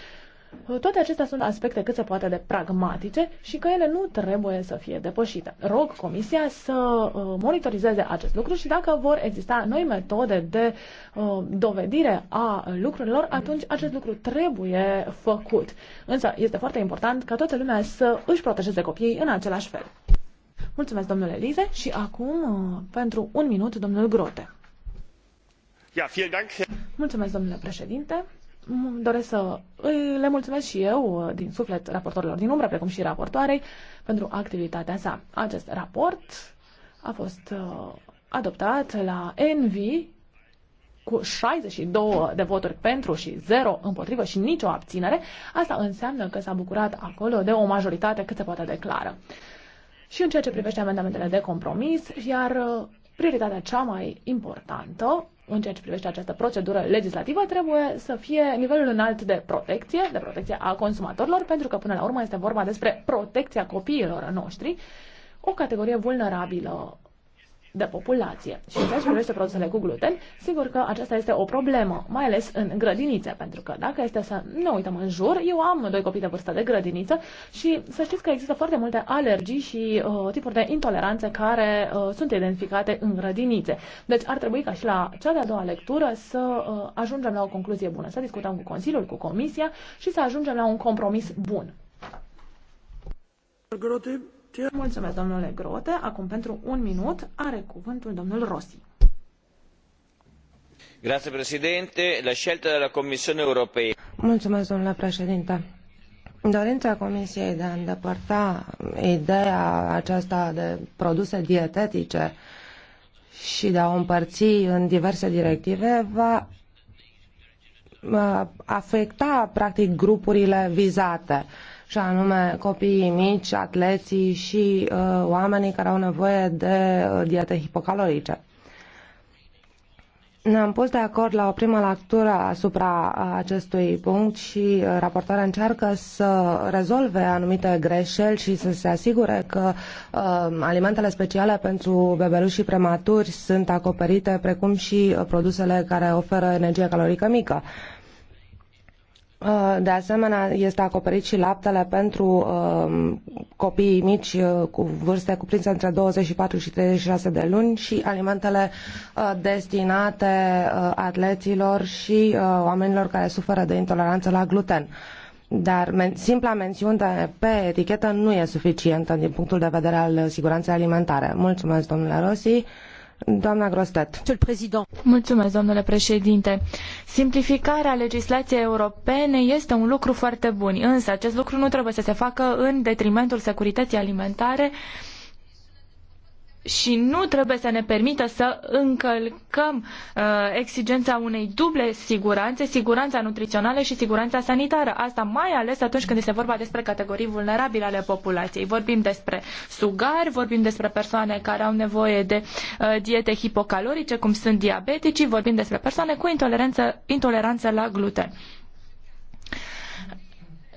toate acestea sunt aspecte cât se poate de pragmatice și că ele nu trebuie să fie depășite. Rog Comisia să uh, monitorizeze acest lucru și dacă vor exista noi metode de uh, dovedire a lucrurilor, atunci acest lucru trebuie făcut. Însă este foarte important ca toată lumea să își protejeze copiii în același fel. Mulțumesc, domnule Lize, și acum, uh, pentru un minut, domnul Grote. Mulțumesc, domnule președinte doresc să le mulțumesc și eu uh, din suflet raportorilor din umbră, precum și raportoarei, pentru activitatea sa. Acest raport a fost uh, adoptat la Envi cu 62 de voturi pentru și 0 împotrivă și nicio abținere. Asta înseamnă că s-a bucurat acolo de o majoritate cât se poate declară. Și în ceea ce privește amendamentele de compromis, iar uh, prioritatea cea mai importantă în ceea ce privește această procedură legislativă trebuie să fie nivelul înalt de protecție, de protecție a consumatorilor, pentru că până la urmă este vorba despre protecția copiilor noștri, o categorie vulnerabilă de populație. Și în ceea ce privește produsele cu gluten, sigur că aceasta este o problemă, mai ales în grădinițe, pentru că dacă este să ne uităm în jur, eu am doi copii de vârstă de grădiniță și să știți că există foarte multe alergii și uh, tipuri de intoleranțe care uh, sunt identificate în grădinițe. Deci ar trebui ca și la cea de-a doua lectură să uh, ajungem la o concluzie bună, să discutăm cu Consiliul, cu Comisia și să ajungem la un compromis bun. Grote. Mulțumesc, domnule Grote. Acum, pentru un minut, are cuvântul domnul Rossi. Grazie, Presidente. La scelta la Commissione Europeană. Mulțumesc, domnule președinte. Dorința Comisiei de a îndepărta ideea aceasta de produse dietetice și de a o împărți în diverse directive va afecta practic grupurile vizate. Uh, și anume copiii mici, atleții și uh, oamenii care au nevoie de uh, diete hipocalorice. Ne-am pus de acord la o primă lectură asupra acestui punct și uh, raportarea încearcă să rezolve anumite greșeli și să se asigure că uh, alimentele speciale pentru bebeluși prematuri sunt acoperite, precum și uh, produsele care oferă energie calorică mică. Uh, Uh, de asemenea, este acoperit și laptele pentru uh, copiii mici uh, cu vârste cuprinse între 24 și 36 de luni și alimentele destinate atleților și oamenilor care suferă de intoleranță la gluten. Dar men- simpla mențiune pe etichetă nu e suficientă din punctul de vedere al siguranței alimentare. Mulțumesc, domnule Rossi. Doamna Grostet. domnule președinte. Simplificarea legislației europene este un lucru foarte bun, însă acest lucru nu trebuie să se facă în detrimentul securității alimentare și nu trebuie să ne permită să încălcăm uh, exigența unei duble siguranțe, siguranța nutrițională și siguranța sanitară. Asta mai ales atunci când este vorba despre categorii vulnerabile ale populației. Vorbim despre sugari, vorbim despre persoane care au nevoie de uh, diete hipocalorice, cum sunt diabeticii, vorbim despre persoane cu intoleranță, intoleranță la gluten.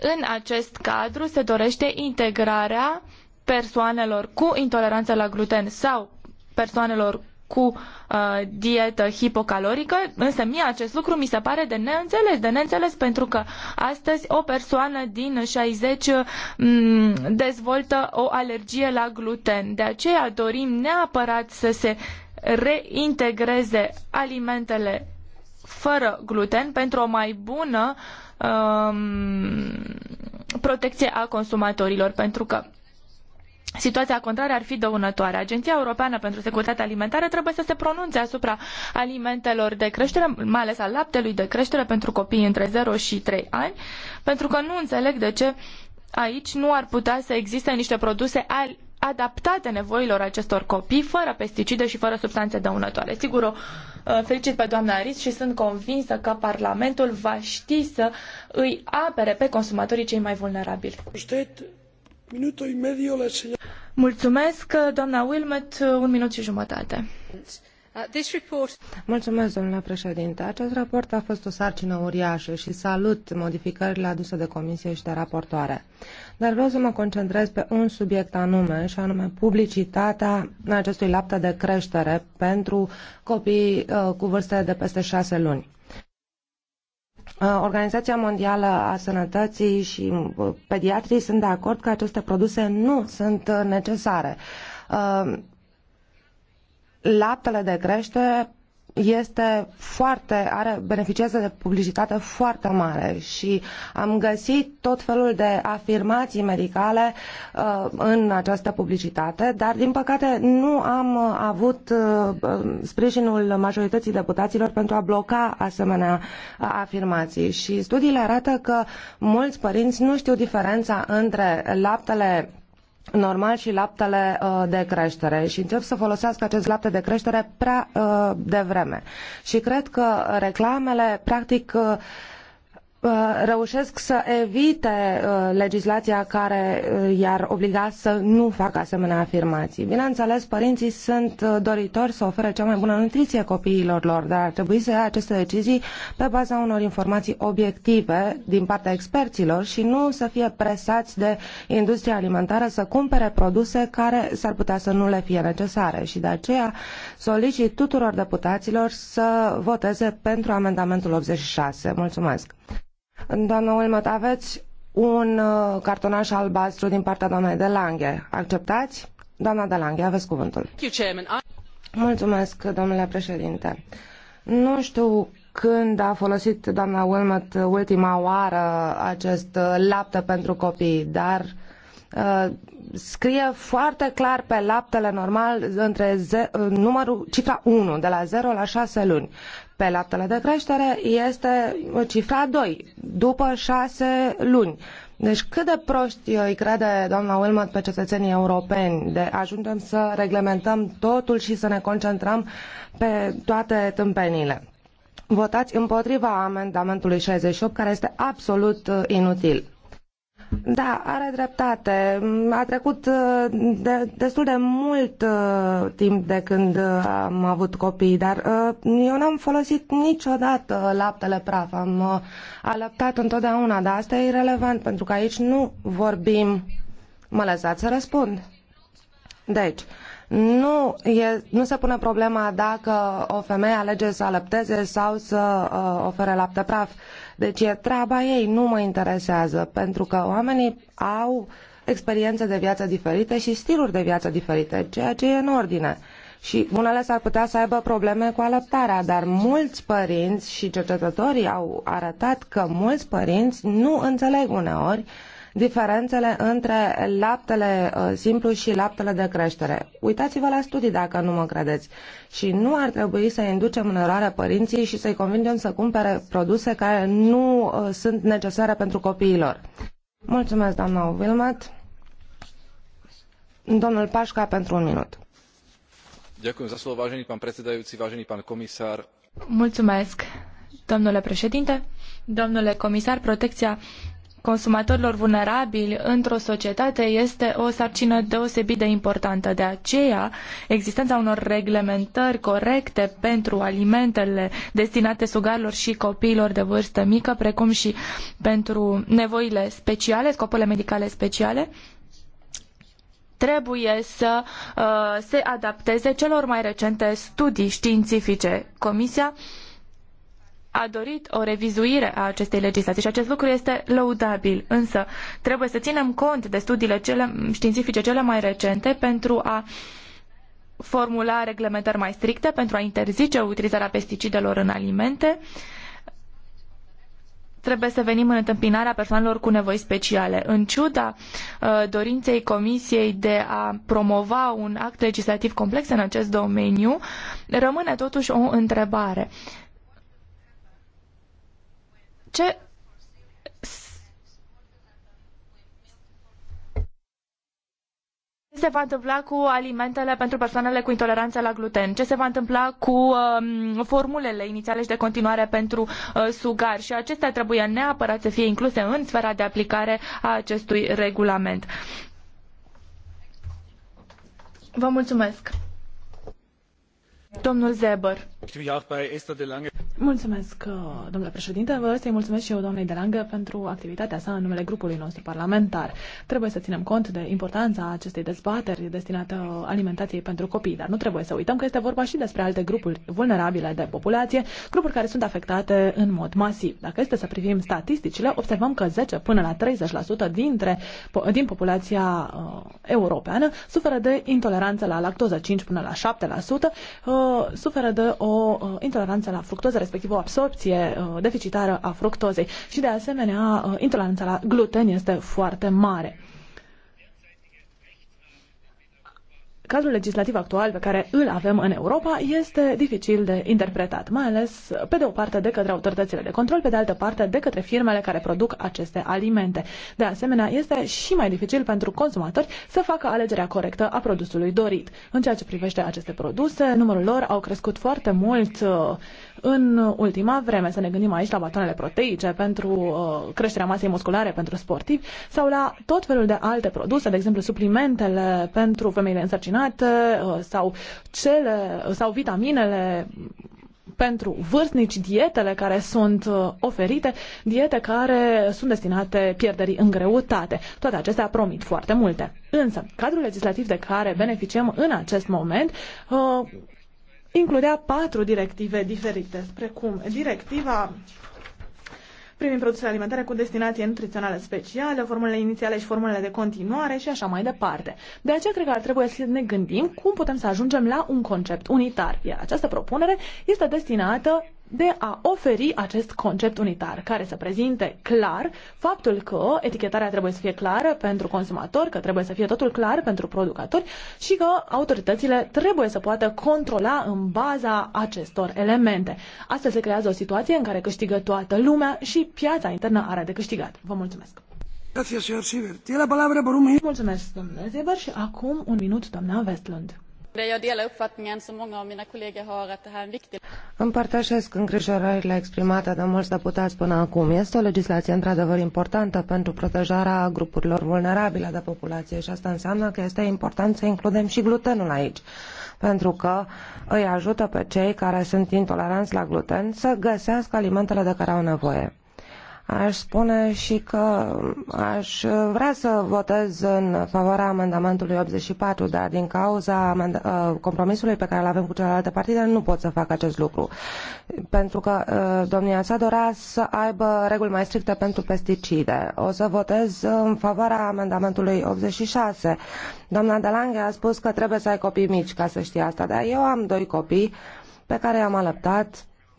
În acest cadru se dorește integrarea uh, persoanelor cu intoleranță la gluten sau persoanelor cu uh, dietă hipocalorică, însă mie acest lucru mi se pare de neînțeles, de neînțeles pentru că astăzi o persoană din 60 mm, dezvoltă o alergie la gluten. De aceea dorim neapărat să se reintegreze alimentele fără gluten pentru o mai bună um, protecție a consumatorilor, pentru că Situația contrară ar fi dăunătoare. Agenția Europeană pentru Securitatea Alimentară trebuie să se pronunțe asupra alimentelor de creștere, mai ales al laptelui de creștere pentru copii între 0 și 3 ani, pentru că nu înțeleg de ce aici nu ar putea să existe niște produse al adaptate nevoilor acestor copii, fără pesticide și fără substanțe dăunătoare. Sigur, o uh, felicit pe doamna Aris și sunt convinsă că Parlamentul va ști să îi apere pe consumatorii cei mai vulnerabili un minut și Acest raport a fost o sarcină uriașă și salut modificările aduse de comisie și de raportoare. Dar vreau să mă concentrez pe un subiect anume, și anume publicitatea acestui lapte de creștere pentru copii uh, cu vârste de peste șase luni. Uh, Organizația Mondială a Sănătății și uh, pediatrii sunt de acord că aceste produse nu sunt uh, necesare. Laptele de crește este foarte, are, beneficiază de publicitate foarte mare și am găsit tot felul de afirmații medicale uh, în această publicitate, dar din păcate nu am uh, avut uh, uh, sprijinul majorității deputaților pentru a bloca asemenea uh, afirmații și studiile arată că mulți părinți nu știu diferența între laptele normal și laptele uh, de creștere și încep să folosească acest lapte de creștere prea uh, devreme. Și cred că reclamele practic uh, Uh, reușesc să evite uh, legislația care uh, i-ar obliga să nu facă asemenea afirmații. Bineînțeles, părinții sunt doritori să ofere cea mai bună nutriție copiilor lor, dar ar trebui să ia aceste decizii pe baza unor informații obiective din partea experților și nu să fie presați de industria alimentară să cumpere produse care s-ar putea să nu le fie necesare și de aceea solicit tuturor deputaților să voteze pentru amendamentul 86. Mulțumesc! Doamna Ulmăt, aveți un uh, cartonaș albastru din partea doamnei de Lange. Acceptați? Doamna de Lange, aveți cuvântul. Mulțumesc, domnule președinte. Nu știu când a folosit doamna Wilmot ultima oară acest uh, lapte pentru copii, dar uh, scrie foarte clar pe laptele normal între ze- uh, numărul, cifra 1, de la 0 la 6 luni pe laptele de creștere este cifra 2, după 6 luni. Deci cât de proști îi crede doamna Wilmot pe cetățenii europeni de ajungem să reglementăm totul și să ne concentrăm pe toate tâmpenile. Votați împotriva amendamentului 68 care este absolut uh, inutil. Da, are dreptate. A trecut uh, de, destul de mult uh, timp de când uh, am avut copii, dar uh, eu n-am folosit niciodată laptele praf. Am uh, alăptat întotdeauna, dar asta e irrelevant pentru că aici nu vorbim. Mă lăsați să răspund. Deci, nu, e, nu se pune problema dacă o femeie alege să alăpteze sau să uh, ofere lapte praf. Uh, deci e treaba ei, nu mă interesează, pentru că oamenii au experiențe de viață diferite și stiluri de viață diferite, ceea ce e în ordine. Și unele s-ar putea să aibă probleme cu alăptarea, dar mulți părinți și cercetătorii au arătat că mulți părinți nu înțeleg uneori uh, diferențele între laptele uh, simplu și laptele de creștere. Uitați-vă la studii dacă nu mă credeți. Și nu ar trebui să inducem în eroare părinții și să-i convingem să cumpere produse care nu uh, sunt necesare pentru copiilor. Mulțumesc, doamna Wilmet. Domnul Pașca, pentru un minut. Ďakujem za slovo, vážený pán predsedajúci, vážený pán komisár. Mulțumesc, domnule președinte. Domnule comisar, protecția consumatorilor vulnerabili într-o societate este o sarcină deosebit de importantă. De aceea, existența unor reglementări corecte pentru alimentele destinate sugarilor și copiilor de vârstă mică, precum și pentru nevoile speciale, scopurile medicale speciale, trebuie să uh, se adapteze celor mai recente studii științifice. Comisia uh, a dorit o revizuire a acestei legislații și acest lucru este lăudabil, însă trebuie să ținem cont de studiile cele, științifice cele mai recente pentru a formula reglementări mai stricte, pentru a interzice utilizarea pesticidelor în alimente. Trebuie să venim în întâmpinarea persoanelor cu nevoi speciale. În ciuda uh, dorinței Comisiei de a promova un act legislativ complex în acest domeniu, rămâne totuși o întrebare. Uh, ce se va întâmpla cu alimentele pentru persoanele cu intoleranță la gluten? Ce se va întâmpla cu um, formulele inițiale și de continuare pentru uh, sugar? Și acestea trebuie neapărat să fie incluse în sfera de aplicare a acestui regulament. Vă mulțumesc! Domnul Zeber. Mulțumesc, uh, domnule președinte. să îi mulțumesc și eu, doamnei Lange pentru activitatea sa în numele grupului nostru parlamentar. Trebuie să ținem cont de importanța acestei dezbateri destinată alimentației pentru copii, dar nu trebuie să uităm că este vorba și despre alte grupuri vulnerabile de populație, grupuri care sunt afectate în mod masiv. Dacă este să privim statisticile, observăm că 10 până la 30% dintre, din populația uh, europeană suferă de intoleranță la lactoză, 5 până la 7%, uh, Uh, suferă de o uh, intoleranță la fructoză, respectiv o absorpție uh, deficitară a fructozei. Și de asemenea, uh, intoleranța la gluten este foarte mare. cadrul legislativ actual pe care îl avem în Europa este dificil de interpretat, mai ales pe de o parte de către autoritățile de control, pe de altă parte de către firmele care produc aceste alimente. De asemenea, este și mai dificil pentru consumatori să facă alegerea corectă a produsului dorit. În ceea ce privește aceste produse, numărul lor au crescut foarte mult uh, în ultima vreme. Să ne gândim aici la batoanele proteice pentru uh, creșterea masei musculare pentru sportivi sau la tot felul de alte produse, de exemplu suplimentele pentru femeile însărcinate combinate uh, sau, cele, sau vitaminele pentru vârstnici, dietele care sunt uh, oferite, diete care sunt destinate pierderii în greutate. Toate acestea promit foarte multe. Însă, cadrul legislativ de care beneficiem în acest moment uh, includea patru directive diferite, precum directiva primim produse alimentare cu destinație nutrițională specială, formulele inițiale și formulele de continuare și așa mai departe. De aceea cred că ar trebui să ne gândim cum putem să ajungem la un concept unitar. Iar această propunere este destinată de a oferi acest concept unitar, care să prezinte clar faptul că etichetarea trebuie să fie clară pentru consumator, că trebuie să fie totul clar pentru producători și că autoritățile trebuie să poată controla în baza acestor elemente. Astfel se creează o situație în care câștigă toată lumea și piața internă are de câștigat. Vă mulțumesc! Mulțumesc, domnule Zeber, și acum un minut, doamna Westlund împărtăesc îngrijorările exprimate de muli deputai până acum. Este o legislaie într-adevăr importantă pentru protejarea grupurilor vulnerabile de populație i asta înseamnă că este important să includem și glutenul aici, pentru că îi ajută pe cei care sunt intoleranți la gluten să găsească alimentele de care au nevoie. Aș spune și că aș vrea să votez în favoarea amendamentului 84, dar din cauza uh, compromisului pe care îl avem cu celelalte partide nu pot să fac acest lucru. Pentru că uh, domnia sa dorea să aibă reguli mai stricte pentru pesticide. O să votez în favoarea amendamentului 86. Doamna Delange a spus că trebuie să ai copii mici ca să știi asta, dar eu am doi copii pe care i-am alăptat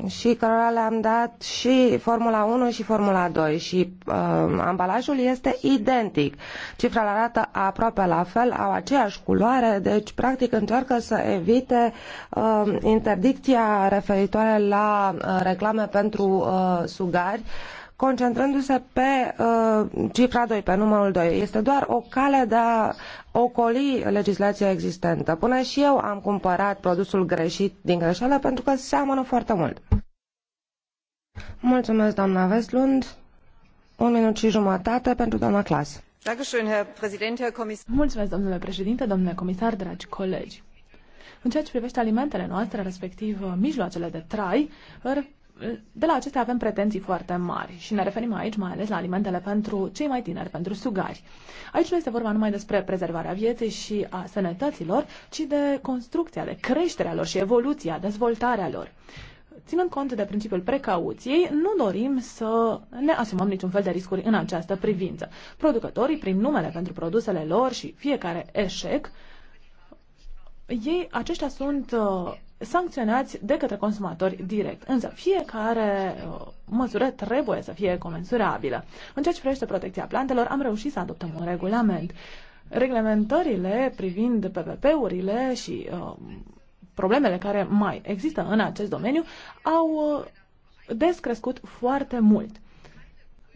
și cărora le-am dat și Formula 1 și Formula 2 și uh, ambalajul este identic. Cifrele arată aproape la fel, au aceeași culoare, deci practic încearcă să evite uh, interdicția referitoare la uh, reclame pentru uh, sugari uh, concentrându-se pe uh, cifra 2, pe numărul 2. Este doar o cale de a ocoli legislația existentă. Până și eu am cumpărat produsul greșit din greșeală pentru că seamănă foarte mult. Mulțumesc, doamna Vestlund. Un minut și jumătate pentru doamna Clas. Mulțumesc, domnule președinte, domnule comisar, dragi colegi. În ceea ce privește alimentele noastre, respectiv mijloacele de trai, de la acestea avem pretenții foarte mari și ne referim aici mai ales la alimentele pentru cei mai tineri, pentru sugari. Aici nu este vorba numai despre prezervarea vieții și a sănătăților, ci de construcția, de creșterea lor și evoluția, dezvoltarea lor. Ținând cont de principiul precauției, nu dorim să ne asumăm niciun fel de riscuri în această privință. Producătorii, prin numele pentru produsele lor și fiecare eșec, ei, aceștia sunt uh, sancționați de către consumatori direct. Însă fiecare uh, măsură trebuie să fie comensurabilă. În ceea ce privește protecția plantelor, am reușit să adoptăm un regulament. Reglementările privind PPP-urile și uh, problemele care mai există în acest domeniu au uh, descrescut foarte mult.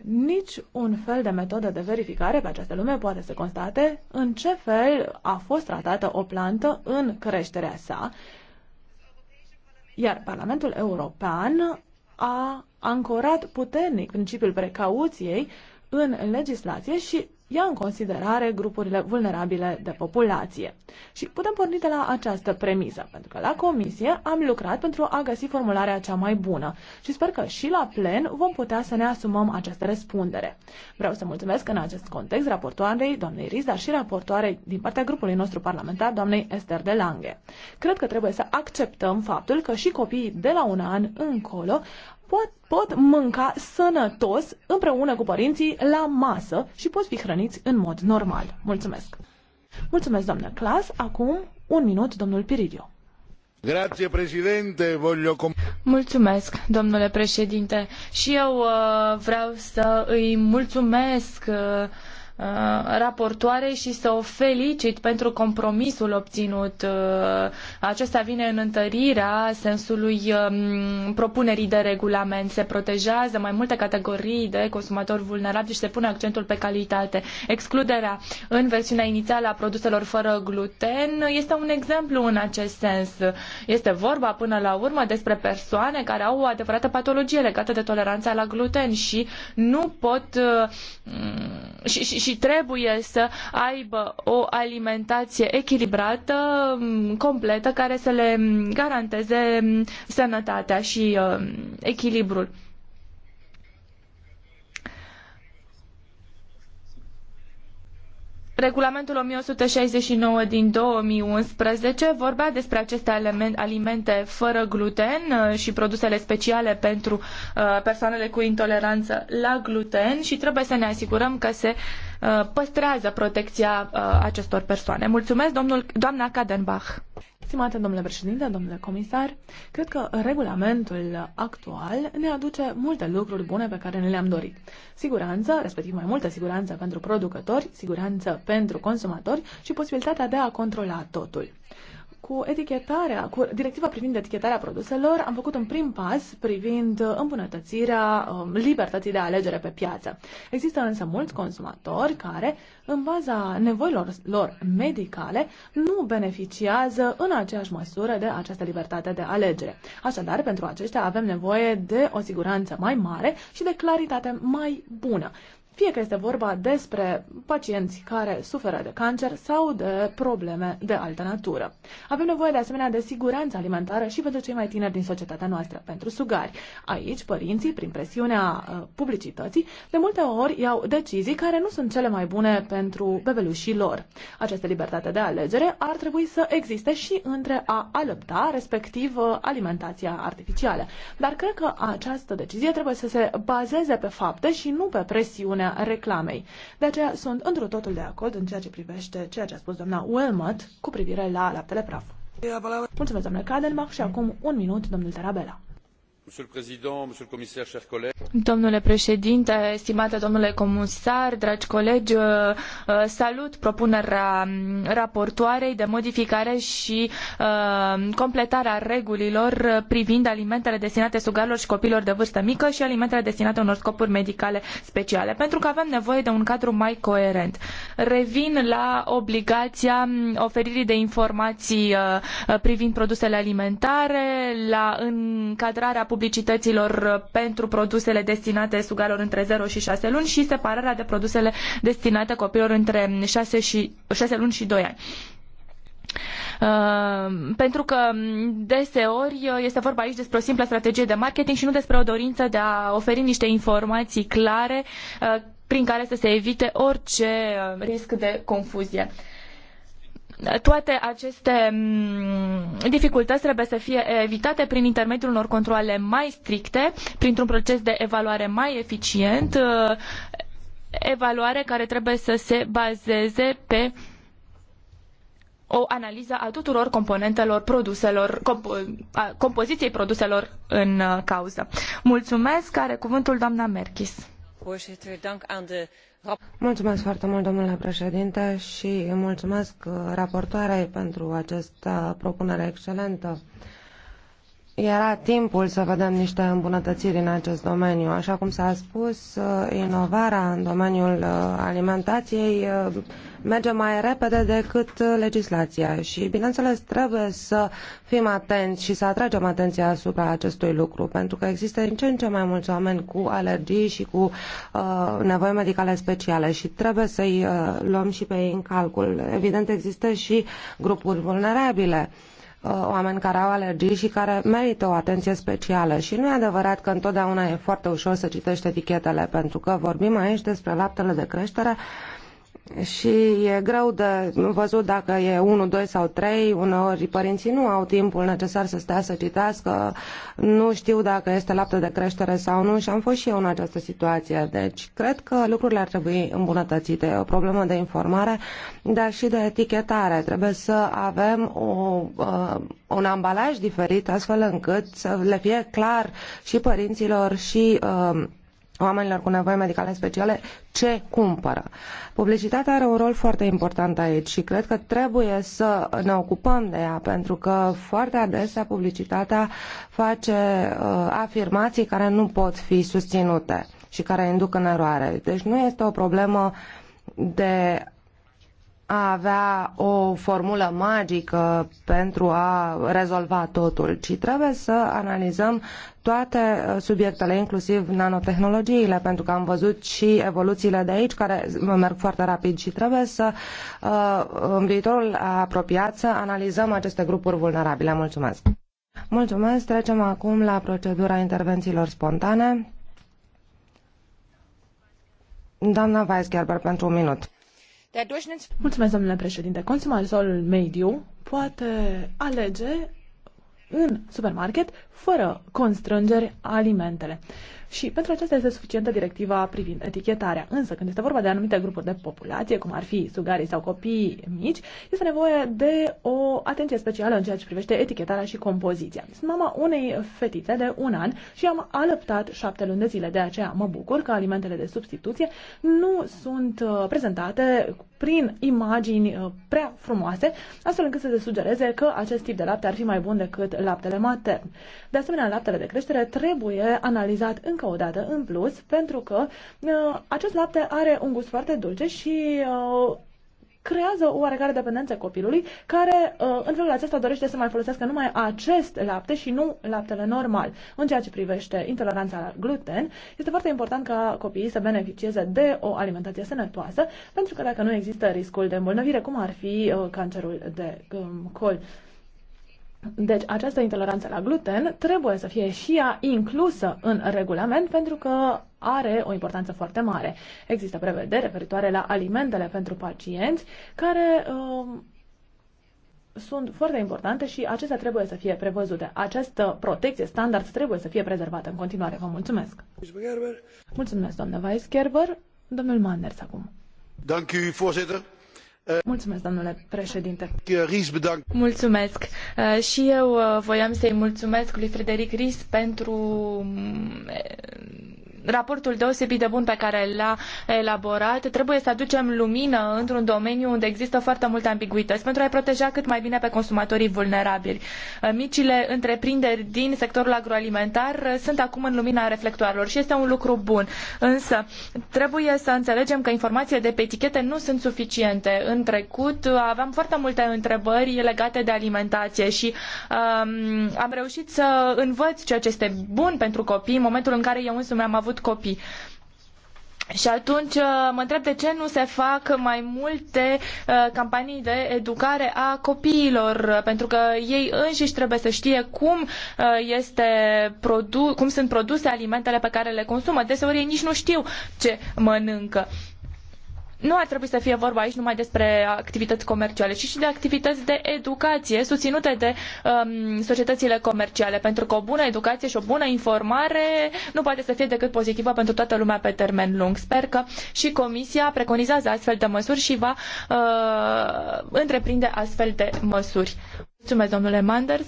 Nici un fel de metodă de verificare pe această lume poate să constate în ce fel a fost tratată o plantă în creșterea sa iar Parlamentul European a ancorat puternic principiul precauției în legislație și ia în considerare grupurile vulnerabile de populație. Și putem porni de la această premisă, pentru că la comisie am lucrat pentru a găsi formularea cea mai bună și sper că și la plen vom putea să ne asumăm această răspundere. Vreau să mulțumesc în acest context raportoarei doamnei Riz, dar și raportoarei din partea grupului nostru parlamentar, doamnei Esther de Lange. Cred că trebuie să acceptăm faptul că și copiii de la un an încolo pot, pot mânca sănătos împreună cu părinții la masă și pot fi hrăniți în mod normal. Mulțumesc! Mulțumesc, doamnă Clas. Acum, un minut, domnul Piridio. Grazie, președinte. Voglio... Mulțumesc, domnule președinte. Și eu uh, vreau să îi mulțumesc uh, Uh, raportoarei și să o felicit pentru compromisul obținut. Uh, acesta vine în întărirea sensului um, propunerii de regulament. Se protejează mai multe categorii de consumatori vulnerabili și se pune accentul pe calitate. Excluderea în versiunea inițială a produselor fără gluten este un exemplu în acest sens. Este vorba până la urmă despre persoane care au o adevărată patologie legată de toleranța la gluten și nu pot uh, și, și, și și trebuie să aibă o alimentație echilibrată, completă, care să le garanteze sănătatea și uh, echilibrul. Regulamentul 1169 din 2011 vorbea despre aceste alimente fără gluten uh, și produsele speciale pentru uh, persoanele cu intoleranță la gluten și trebuie să ne asigurăm că se uh, păstrează protecția acestor persoane. Mulțumesc, domnul, doamna Kadenbach. Stimate domnule președinte, domnule comisar, cred că regulamentul actual ne aduce multe lucruri bune pe care ne le-am dorit. Siguranță, respectiv mai multă siguranță pentru producători, siguranță pentru consumatori și posibilitatea de a controla totul cu etichetarea, cu directiva privind etichetarea produselor, am făcut un prim pas privind uh, îmbunătățirea um, libertății de alegere pe piață. Există însă mulți consumatori care, în baza nevoilor lor medicale, nu beneficiază în aceeași măsură de această libertate de alegere. Așadar, pentru aceștia avem nevoie de o siguranță mai mare și de claritate mai bună fie că este vorba despre pacienți care suferă de cancer sau de probleme de altă natură. Avem nevoie de asemenea de siguranță alimentară și pentru cei mai tineri din societatea noastră, pentru sugari. Aici, părinții, prin presiunea uh, publicității, de multe ori iau decizii care nu sunt cele mai bune pentru bebelușii lor. Această libertate de alegere ar trebui să existe și între a alăpta, respectiv uh, alimentația artificială. Dar cred că această decizie trebuie să se bazeze pe fapte și nu pe presiune dimensiunea reclamei. De aceea sunt într totul de acord în ceea ce privește ceea ce a spus doamna Wilmot cu privire la laptele praf. Mulțumesc, doamnă Cadenbach, și acum un minut, domnul Tarabela. Domnule președinte, stimate domnule comisar, dragi colegi, uh, uh, salut propunerea raportoarei de modificare și uh, a regulilor privind alimentele destinate sugarelor și copiilor de vârstă mică și alimentele destinate unor scopuri medicale speciale, pentru că avem nevoie de un cadru mai coerent. Revin la obligația oferirii de informații privind produsele alimentare, la încadrarea publicității publicităților pentru produsele destinate sugalor între 0 și 6 luni și separarea de produsele destinate copiilor între 6, și, 6 luni și 2 ani. Uh, pentru că deseori este vorba aici despre o simplă strategie de marketing și nu despre o dorință de a oferi niște informații clare uh, prin care să se evite orice uh, risc de confuzie. Toate aceste mm, dificultăți trebuie să fie evitate prin intermediul unor controle mai stricte, printr-un proces de evaluare mai eficient, uh, evaluare care trebuie să se bazeze pe o analiză a tuturor componentelor produselor, compo- a compoziției produselor în uh, cauză. Mulțumesc, are cuvântul doamna Merkis. Voorzitter, dank aan de Mulțumesc foarte mult, domnule președinte, și mulțumesc uh, raportoarei pentru această propunere excelentă era timpul să vedem niște îmbunătățiri în acest domeniu. Așa cum s-a spus, uh, inovarea în domeniul uh, alimentației uh, merge mai repede decât legislația și, bineînțeles, trebuie să fim atenți și să atragem atenția asupra acestui lucru, pentru că există din ce în ce mai mulți oameni cu alergii și cu uh, nevoi medicale speciale și trebuie să-i uh, luăm și pe ei în calcul. Evident, există și grupuri vulnerabile. Uh, Uh, oameni care au alergii și care merită o atenție specială. Și nu e adevărat că întotdeauna e foarte ușor să citești etichetele, pentru că vorbim aici despre laptele de creștere și e greu de văzut dacă e 1, 2 sau 3. Uneori părinții nu au timpul necesar să stea să citească, nu știu dacă este lapte de creștere sau nu și am fost și eu în această situație. Deci cred că lucrurile ar trebui îmbunătățite. E o problemă de informare, dar și de etichetare. Trebuie să avem o, uh, un ambalaj diferit astfel încât să le fie clar și părinților și uh, oamenilor cu nevoi medicale speciale ce cumpără. Publicitatea are un rol foarte important aici și cred că trebuie să ne ocupăm de ea, pentru că foarte adesea publicitatea face uh, afirmații care nu pot fi susținute și care induc în eroare. Deci nu este o problemă de a avea o formulă magică pentru a rezolva totul, ci trebuie să analizăm toate uh, subiectele, inclusiv nanotehnologiile, pentru că am văzut și evoluțiile de aici care uh, merg foarte rapid și trebuie să, uh, în viitorul apropiat, să analizăm aceste grupuri vulnerabile. Mulțumesc! Mulțumesc! Trecem acum la procedura intervențiilor spontane. Doamna Weisgerber, pentru un minut. Mulțumesc, domnule președinte. Consumatorul mediu poate alege în supermarket fără constrângeri alimentele. Și pentru aceasta este suficientă directiva privind etichetarea. Însă, când este vorba de anumite grupuri de populație, cum ar fi sugarii sau copii mici, este nevoie de o atenție specială în ceea ce privește etichetarea și compoziția. Sunt mama unei fetițe de un an și am alăptat șapte luni de zile. De aceea mă bucur că alimentele de substituție nu sunt uh, prezentate prin imagini uh, prea frumoase, astfel încât să se sugereze că acest tip de lapte ar fi mai bun decât laptele matern. De asemenea, laptele de creștere trebuie analizat încă o dată în plus, pentru că uh, acest lapte are un gust foarte dulce și uh, creează o oarecare dependență copilului, care uh, în felul acesta dorește să mai folosească numai acest lapte și nu laptele normal. În ceea ce privește intoleranța la gluten, este foarte important ca copiii să beneficieze de o alimentație sănătoasă, pentru că dacă nu există riscul de îmbolnăvire, cum ar fi cancerul de um, col. Deci această intoleranță la gluten trebuie să fie și ea inclusă în regulament pentru că are o importanță foarte mare. Există prevedere referitoare la alimentele pentru pacienți care um, sunt foarte importante și acestea trebuie să fie prevăzute. Această protecție standard trebuie să fie prezervată în continuare. Vă mulțumesc! Mulțumesc, doamnă Weisgerber. Domnul Manders acum. Dank u, Mulțumesc, domnule președinte. Mulțumesc. Uh, și eu uh, voiam să-i mulțumesc lui Frederic Ries pentru mm, raportul deosebit de bun pe care l-a elaborat, trebuie să aducem lumină într-un domeniu unde există foarte multe ambiguități pentru a-i proteja cât mai bine pe consumatorii vulnerabili. Eh, micile întreprinderi din sectorul agroalimentar eh, sunt acum în lumina reflectoarelor și este un lucru bun. Însă trebuie să înțelegem că informațiile de pe etichete nu sunt suficiente. În trecut eh, aveam foarte multe întrebări legate de alimentație și um, am reușit să învăț ceea ce este bun pentru copii în momentul în care eu însumi am avut avut copii. Și atunci uh, mă întreb de ce nu se fac mai multe uh, campanii de educare a copiilor, uh, pentru că ei înșiși trebuie să știe cum, este produ- cum sunt produse alimentele pe care le consumă. Deseori ei nici nu știu ce mănâncă nu ar trebui să fie vorba aici numai despre activități comerciale, ci și de activități de educație susținute de um, societățile comerciale, pentru că o bună educație și o bună informare nu poate să fie decât pozitivă pentru toată lumea pe termen lung. Sper că și Comisia preconizează astfel de măsuri și va uh, întreprinde astfel de măsuri. Mulțumesc, domnule Manders.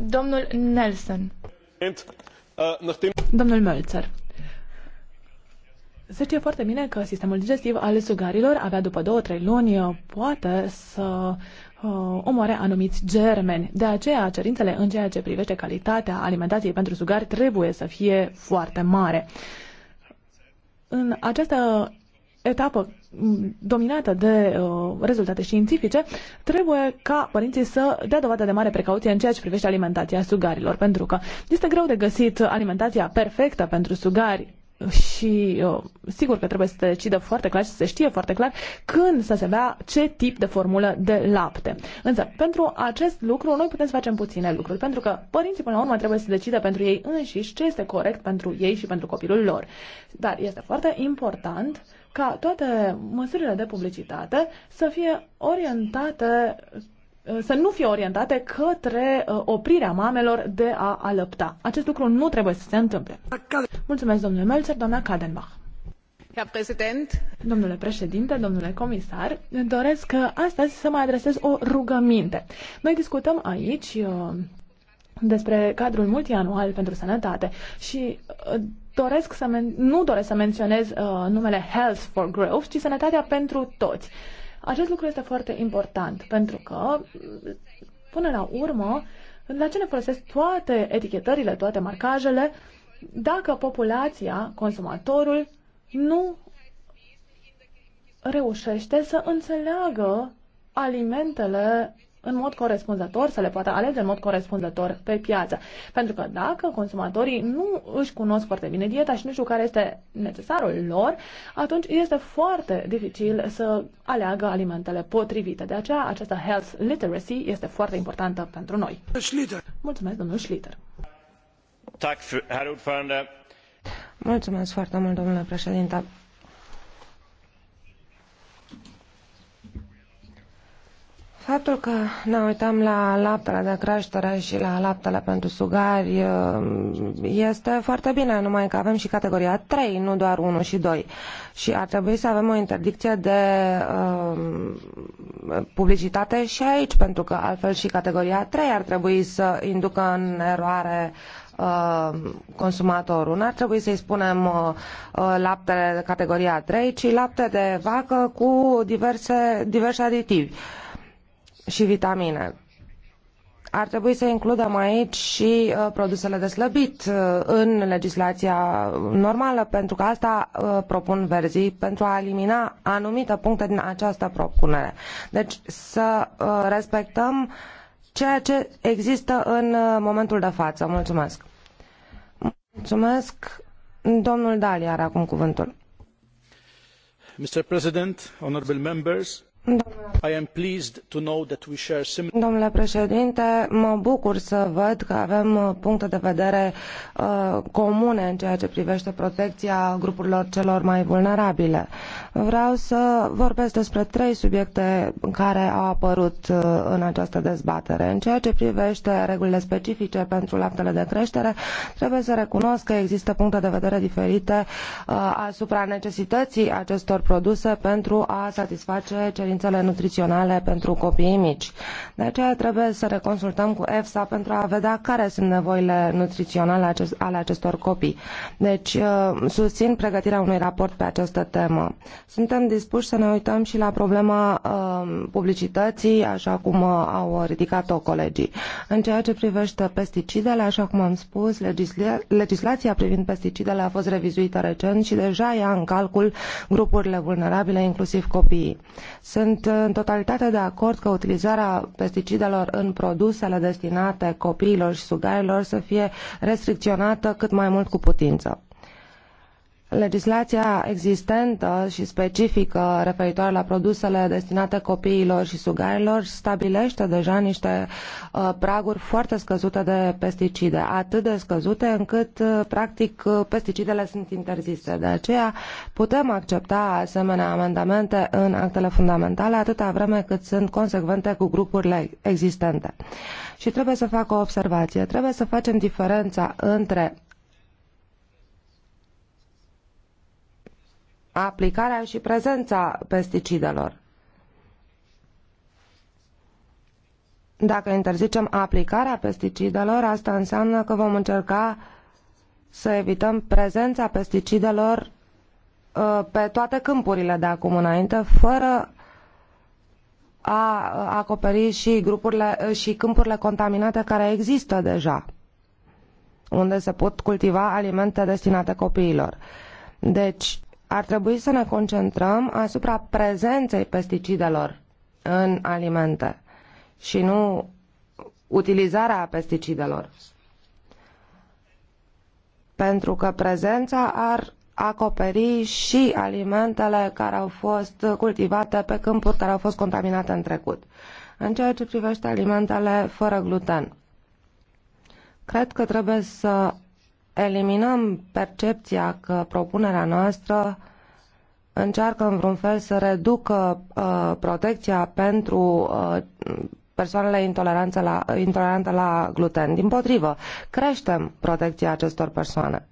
Domnul Nelson. Uh, Domnul Mölzer. Se știe foarte bine că sistemul digestiv al sugarilor avea după 2-3 luni uh, poate să uh, omoare anumiți germeni. De aceea, cerințele în ceea ce privește calitatea alimentației pentru sugari trebuie să fie foarte mare. În această etapă mm, dominată de uh, rezultate științifice, trebuie ca părinții să dea dovadă de mare precauție în ceea ce privește alimentația sugarilor, pentru că este greu de găsit alimentația perfectă pentru sugari și uh, sigur că trebuie să se decidă foarte clar și să se știe foarte clar când să se bea ce tip de formulă de lapte. Însă, pentru acest lucru, noi putem să facem puține lucruri, pentru că părinții, până la urmă, trebuie să decidă pentru ei înșiși ce este corect pentru ei și pentru copilul lor. Dar este foarte important ca toate măsurile de publicitate să fie orientate Uh, să nu fie orientate către uh, oprirea mamelor de a alăpta. Acest lucru nu trebuie să se întâmple. Mulțumesc, domnule Melzer, doamna Kadenbach. Domnule președinte, domnule comisar, doresc uh, astăzi să mai adresez o rugăminte. Noi discutăm aici despre cadrul multianual pentru sănătate și doresc să men- nu doresc să menționez uh, numele Health for Growth, ci sănătatea pentru toți. Uh, acest lucru este foarte important pentru că, până la urmă, la ce ne folosesc toate etichetările, toate marcajele, dacă populația, consumatorul, nu reușește să înțeleagă alimentele în mod corespunzător, să le poată alege în mod corespunzător pe piață. Pentru că dacă consumatorii nu își cunosc foarte bine dieta și nu știu care este necesarul lor, atunci este foarte dificil să aleagă alimentele potrivite. De aceea, această health literacy este foarte importantă pentru noi. Schlitter. Mulțumesc, domnul Schlitter. Mulțumesc foarte mult, domnule președinte Faptul că ne uităm la laptele de creștere și la laptele pentru sugari uh, este foarte bine, numai că avem și categoria 3, nu doar 1 și 2. Și ar trebui să avem o interdicție de uh, publicitate și aici, pentru că altfel și categoria 3 ar trebui să inducă în eroare uh, consumatorul. N-ar trebui să-i spunem uh, laptele de categoria 3, ci lapte de vacă cu diverse, diverse aditivi și vitamine. Ar trebui să includem aici și uh, produsele de slăbit uh, în legislația normală, pentru că asta uh, propun verzii pentru a elimina anumite puncte din această propunere. Deci să uh, respectăm ceea ce există în uh, momentul de față. Mulțumesc. Mulțumesc. Domnul Dali are acum cuvântul. Mr. President, honorable members, Domnule președinte, mă bucur să văd că avem uh, puncte de vedere uh, comune în ceea ce privește protecția grupurilor celor mai vulnerabile. Vreau să vorbesc despre trei subiecte care au apărut uh, în această dezbatere. În ceea ce privește regulile specifice pentru laptele de creștere, trebuie să recunosc că există puncte de vedere diferite asupra necesității acestor produse pentru a satisface cerințele cerințele nutriționale pentru copiii mici. De aceea trebuie să ne consultăm cu EFSA pentru a vedea care sunt nevoile nutriționale ale acestor copii. Deci uh, susțin pregătirea unui raport pe această temă. Suntem dispuși să ne uităm și la problema uh, publicității, așa cum uh, au ridicat-o colegii. În ceea ce privește pesticidele, așa cum am spus, legisla- legislația privind pesticidele a fost revizuită recent și deja ia în calcul grupurile vulnerabile, inclusiv copiii. Sunt sunt în totalitate de acord că utilizarea pesticidelor în produsele destinate copiilor și sugarilor să fie restricționată cât mai mult cu putință. Legislația existentă și specifică referitoare la produsele destinate copiilor și sugarilor stabilește deja niște uh, praguri foarte scăzute de pesticide, atât de scăzute încât, uh, practic, uh, pesticidele sunt interzise. De aceea putem accepta asemenea amendamente în actele fundamentale atâta vreme cât sunt consecvente cu grupurile existente. Și trebuie să fac o observație. Trebuie să facem diferența între aplicarea și prezența pesticidelor. Dacă interzicem aplicarea pesticidelor, asta înseamnă că vom încerca să evităm prezența pesticidelor uh, pe toate câmpurile de acum înainte, fără a uh, acoperi și grupurile uh, și câmpurile contaminate care există deja, unde se pot cultiva alimente destinate copiilor. Deci, ar trebui să ne concentrăm asupra prezenței pesticidelor în alimente și nu utilizarea pesticidelor. Pentru că prezența ar acoperi și alimentele care au fost cultivate pe câmpuri care au fost contaminate în trecut. În ceea ce privește alimentele fără gluten, cred că trebuie să eliminăm percepția că propunerea noastră încearcă în vreun fel să reducă uh, protecția pentru uh, persoanele intolerante la, intolerante la gluten. Din potrivă, creștem protecția acestor persoane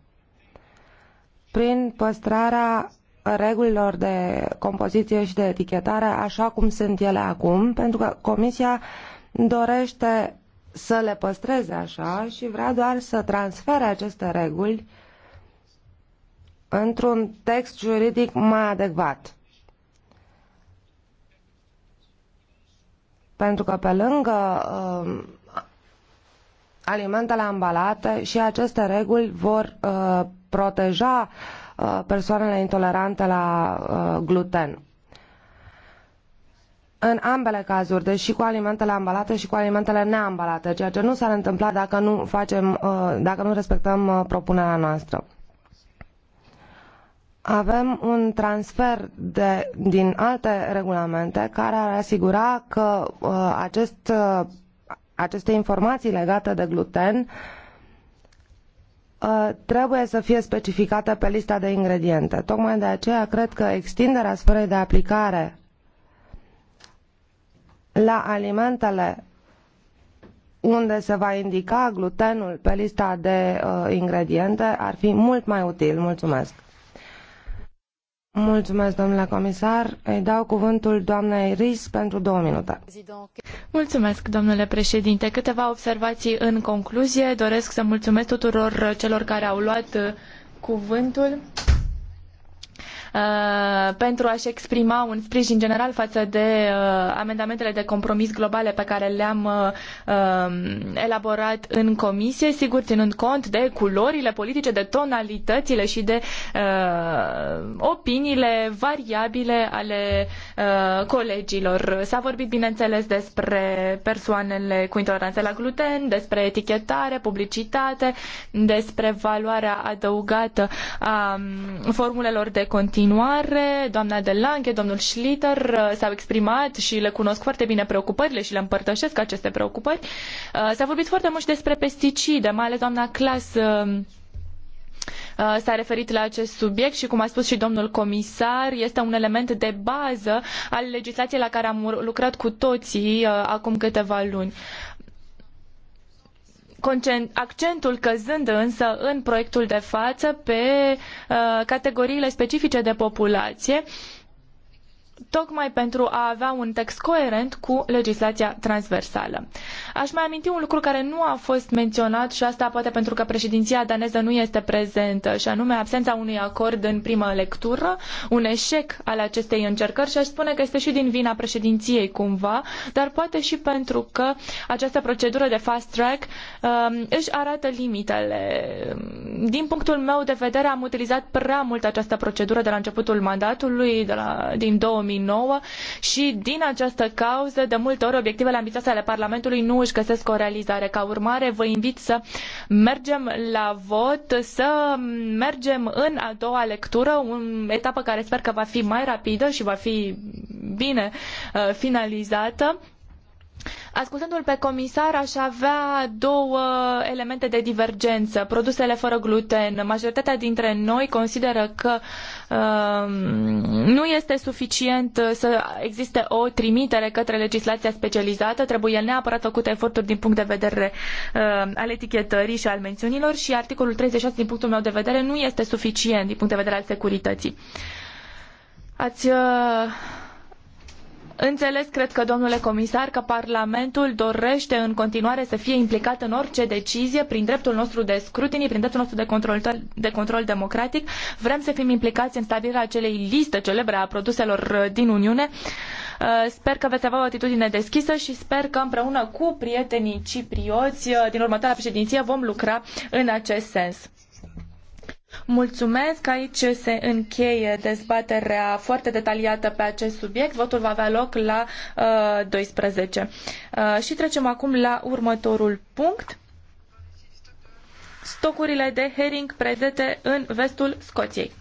prin păstrarea regulilor de compoziție și de etichetare așa cum sunt ele acum, pentru că Comisia dorește să le păstreze așa și vrea doar să transfere aceste reguli într-un text juridic mai adecvat. Pentru că pe lângă uh, alimentele ambalate și aceste reguli vor uh, proteja uh, persoanele intolerante la uh, gluten în ambele cazuri, deci și cu alimentele ambalate și cu alimentele neambalate, ceea ce nu s-ar întâmpla dacă nu, facem, uh, dacă nu respectăm uh, propunerea noastră. Avem un transfer de, din alte regulamente care ar asigura că uh, acest, aceste informații legate de gluten trebuie să fie specificate pe lista de ingrediente. Tocmai de aceea cred că extinderea sferei de aplicare la alimentele unde se va indica glutenul pe lista de uh, ingrediente ar fi mult mai util. Mulțumesc! Mulțumesc, domnule comisar. Îi dau cuvântul doamnei Ris pentru două minute. Mulțumesc, domnule președinte. Câteva observații în concluzie. Doresc să mulțumesc tuturor celor care au luat uh, cuvântul. Uh, pentru a-și exprima un sprijin general față de uh, amendamentele de compromis globale pe care le-am uh, um, elaborat în comisie, sigur ținând cont de culorile politice, de tonalitățile și de opiniile variabile ale colegilor. S-a vorbit, bineînțeles, despre persoanele cu intoleranță la gluten, despre etichetare, publicitate, despre valoarea adăugată a um, formulelor de continuare continuare. Doamna de Lange, domnul Schlitter uh, s-au exprimat și le cunosc foarte bine preocupările și le împărtășesc aceste preocupări. Uh, s-a vorbit foarte mult și despre pesticide, mai ales doamna Clas uh, s-a referit la acest subiect și, cum a spus și domnul comisar, este un element de bază al legislației la care am lucrat cu toții acum câteva luni accentul căzând însă în proiectul de față pe uh, categoriile specifice de populație tocmai pentru a avea un text coerent cu legislația transversală. Aș mai aminti un lucru care nu a fost menționat și asta poate pentru că președinția daneză nu este prezentă și anume absența unui acord în primă lectură, un eșec al acestei încercări și aș spune că este și din vina președinției cumva, dar poate și pentru că această procedură de fast track um, își arată limitele. Din punctul meu de vedere am utilizat prea mult această procedură de la începutul mandatului, de la, din 2000 2009 și din această cauză, de multe ori, obiectivele ambițioase ale Parlamentului nu își găsesc o realizare. Ca urmare, vă invit să mergem la vot, să mergem în a doua lectură, o etapă care sper că va fi mai rapidă și va fi bine uh, finalizată Ascultându-l pe comisar, aș avea două elemente de divergență. Produsele fără gluten. Majoritatea dintre noi consideră că uh, nu este suficient să existe o trimitere către legislația specializată. Trebuie neapărat făcute eforturi din punct de vedere uh, al etichetării și al mențiunilor și articolul 36, din punctul meu de vedere, nu este suficient din punct de vedere al securității. Ați uh, Înțeles, cred că, domnule comisar, că Parlamentul dorește în continuare să fie implicat în orice decizie prin dreptul nostru de scrutinii, prin dreptul nostru de control, de control democratic. Vrem să fim implicați în stabilirea acelei liste celebre a produselor uh, din Uniune. Uh, sper că veți avea o atitudine deschisă și sper că împreună cu prietenii ciprioți uh, din următoarea președinție vom lucra în acest sens. Mulțumesc, aici se încheie dezbaterea foarte detaliată pe acest subiect. Votul va avea loc la uh, 12. Uh, și trecem acum la următorul punct. Stocurile de hering predete în vestul Scoției.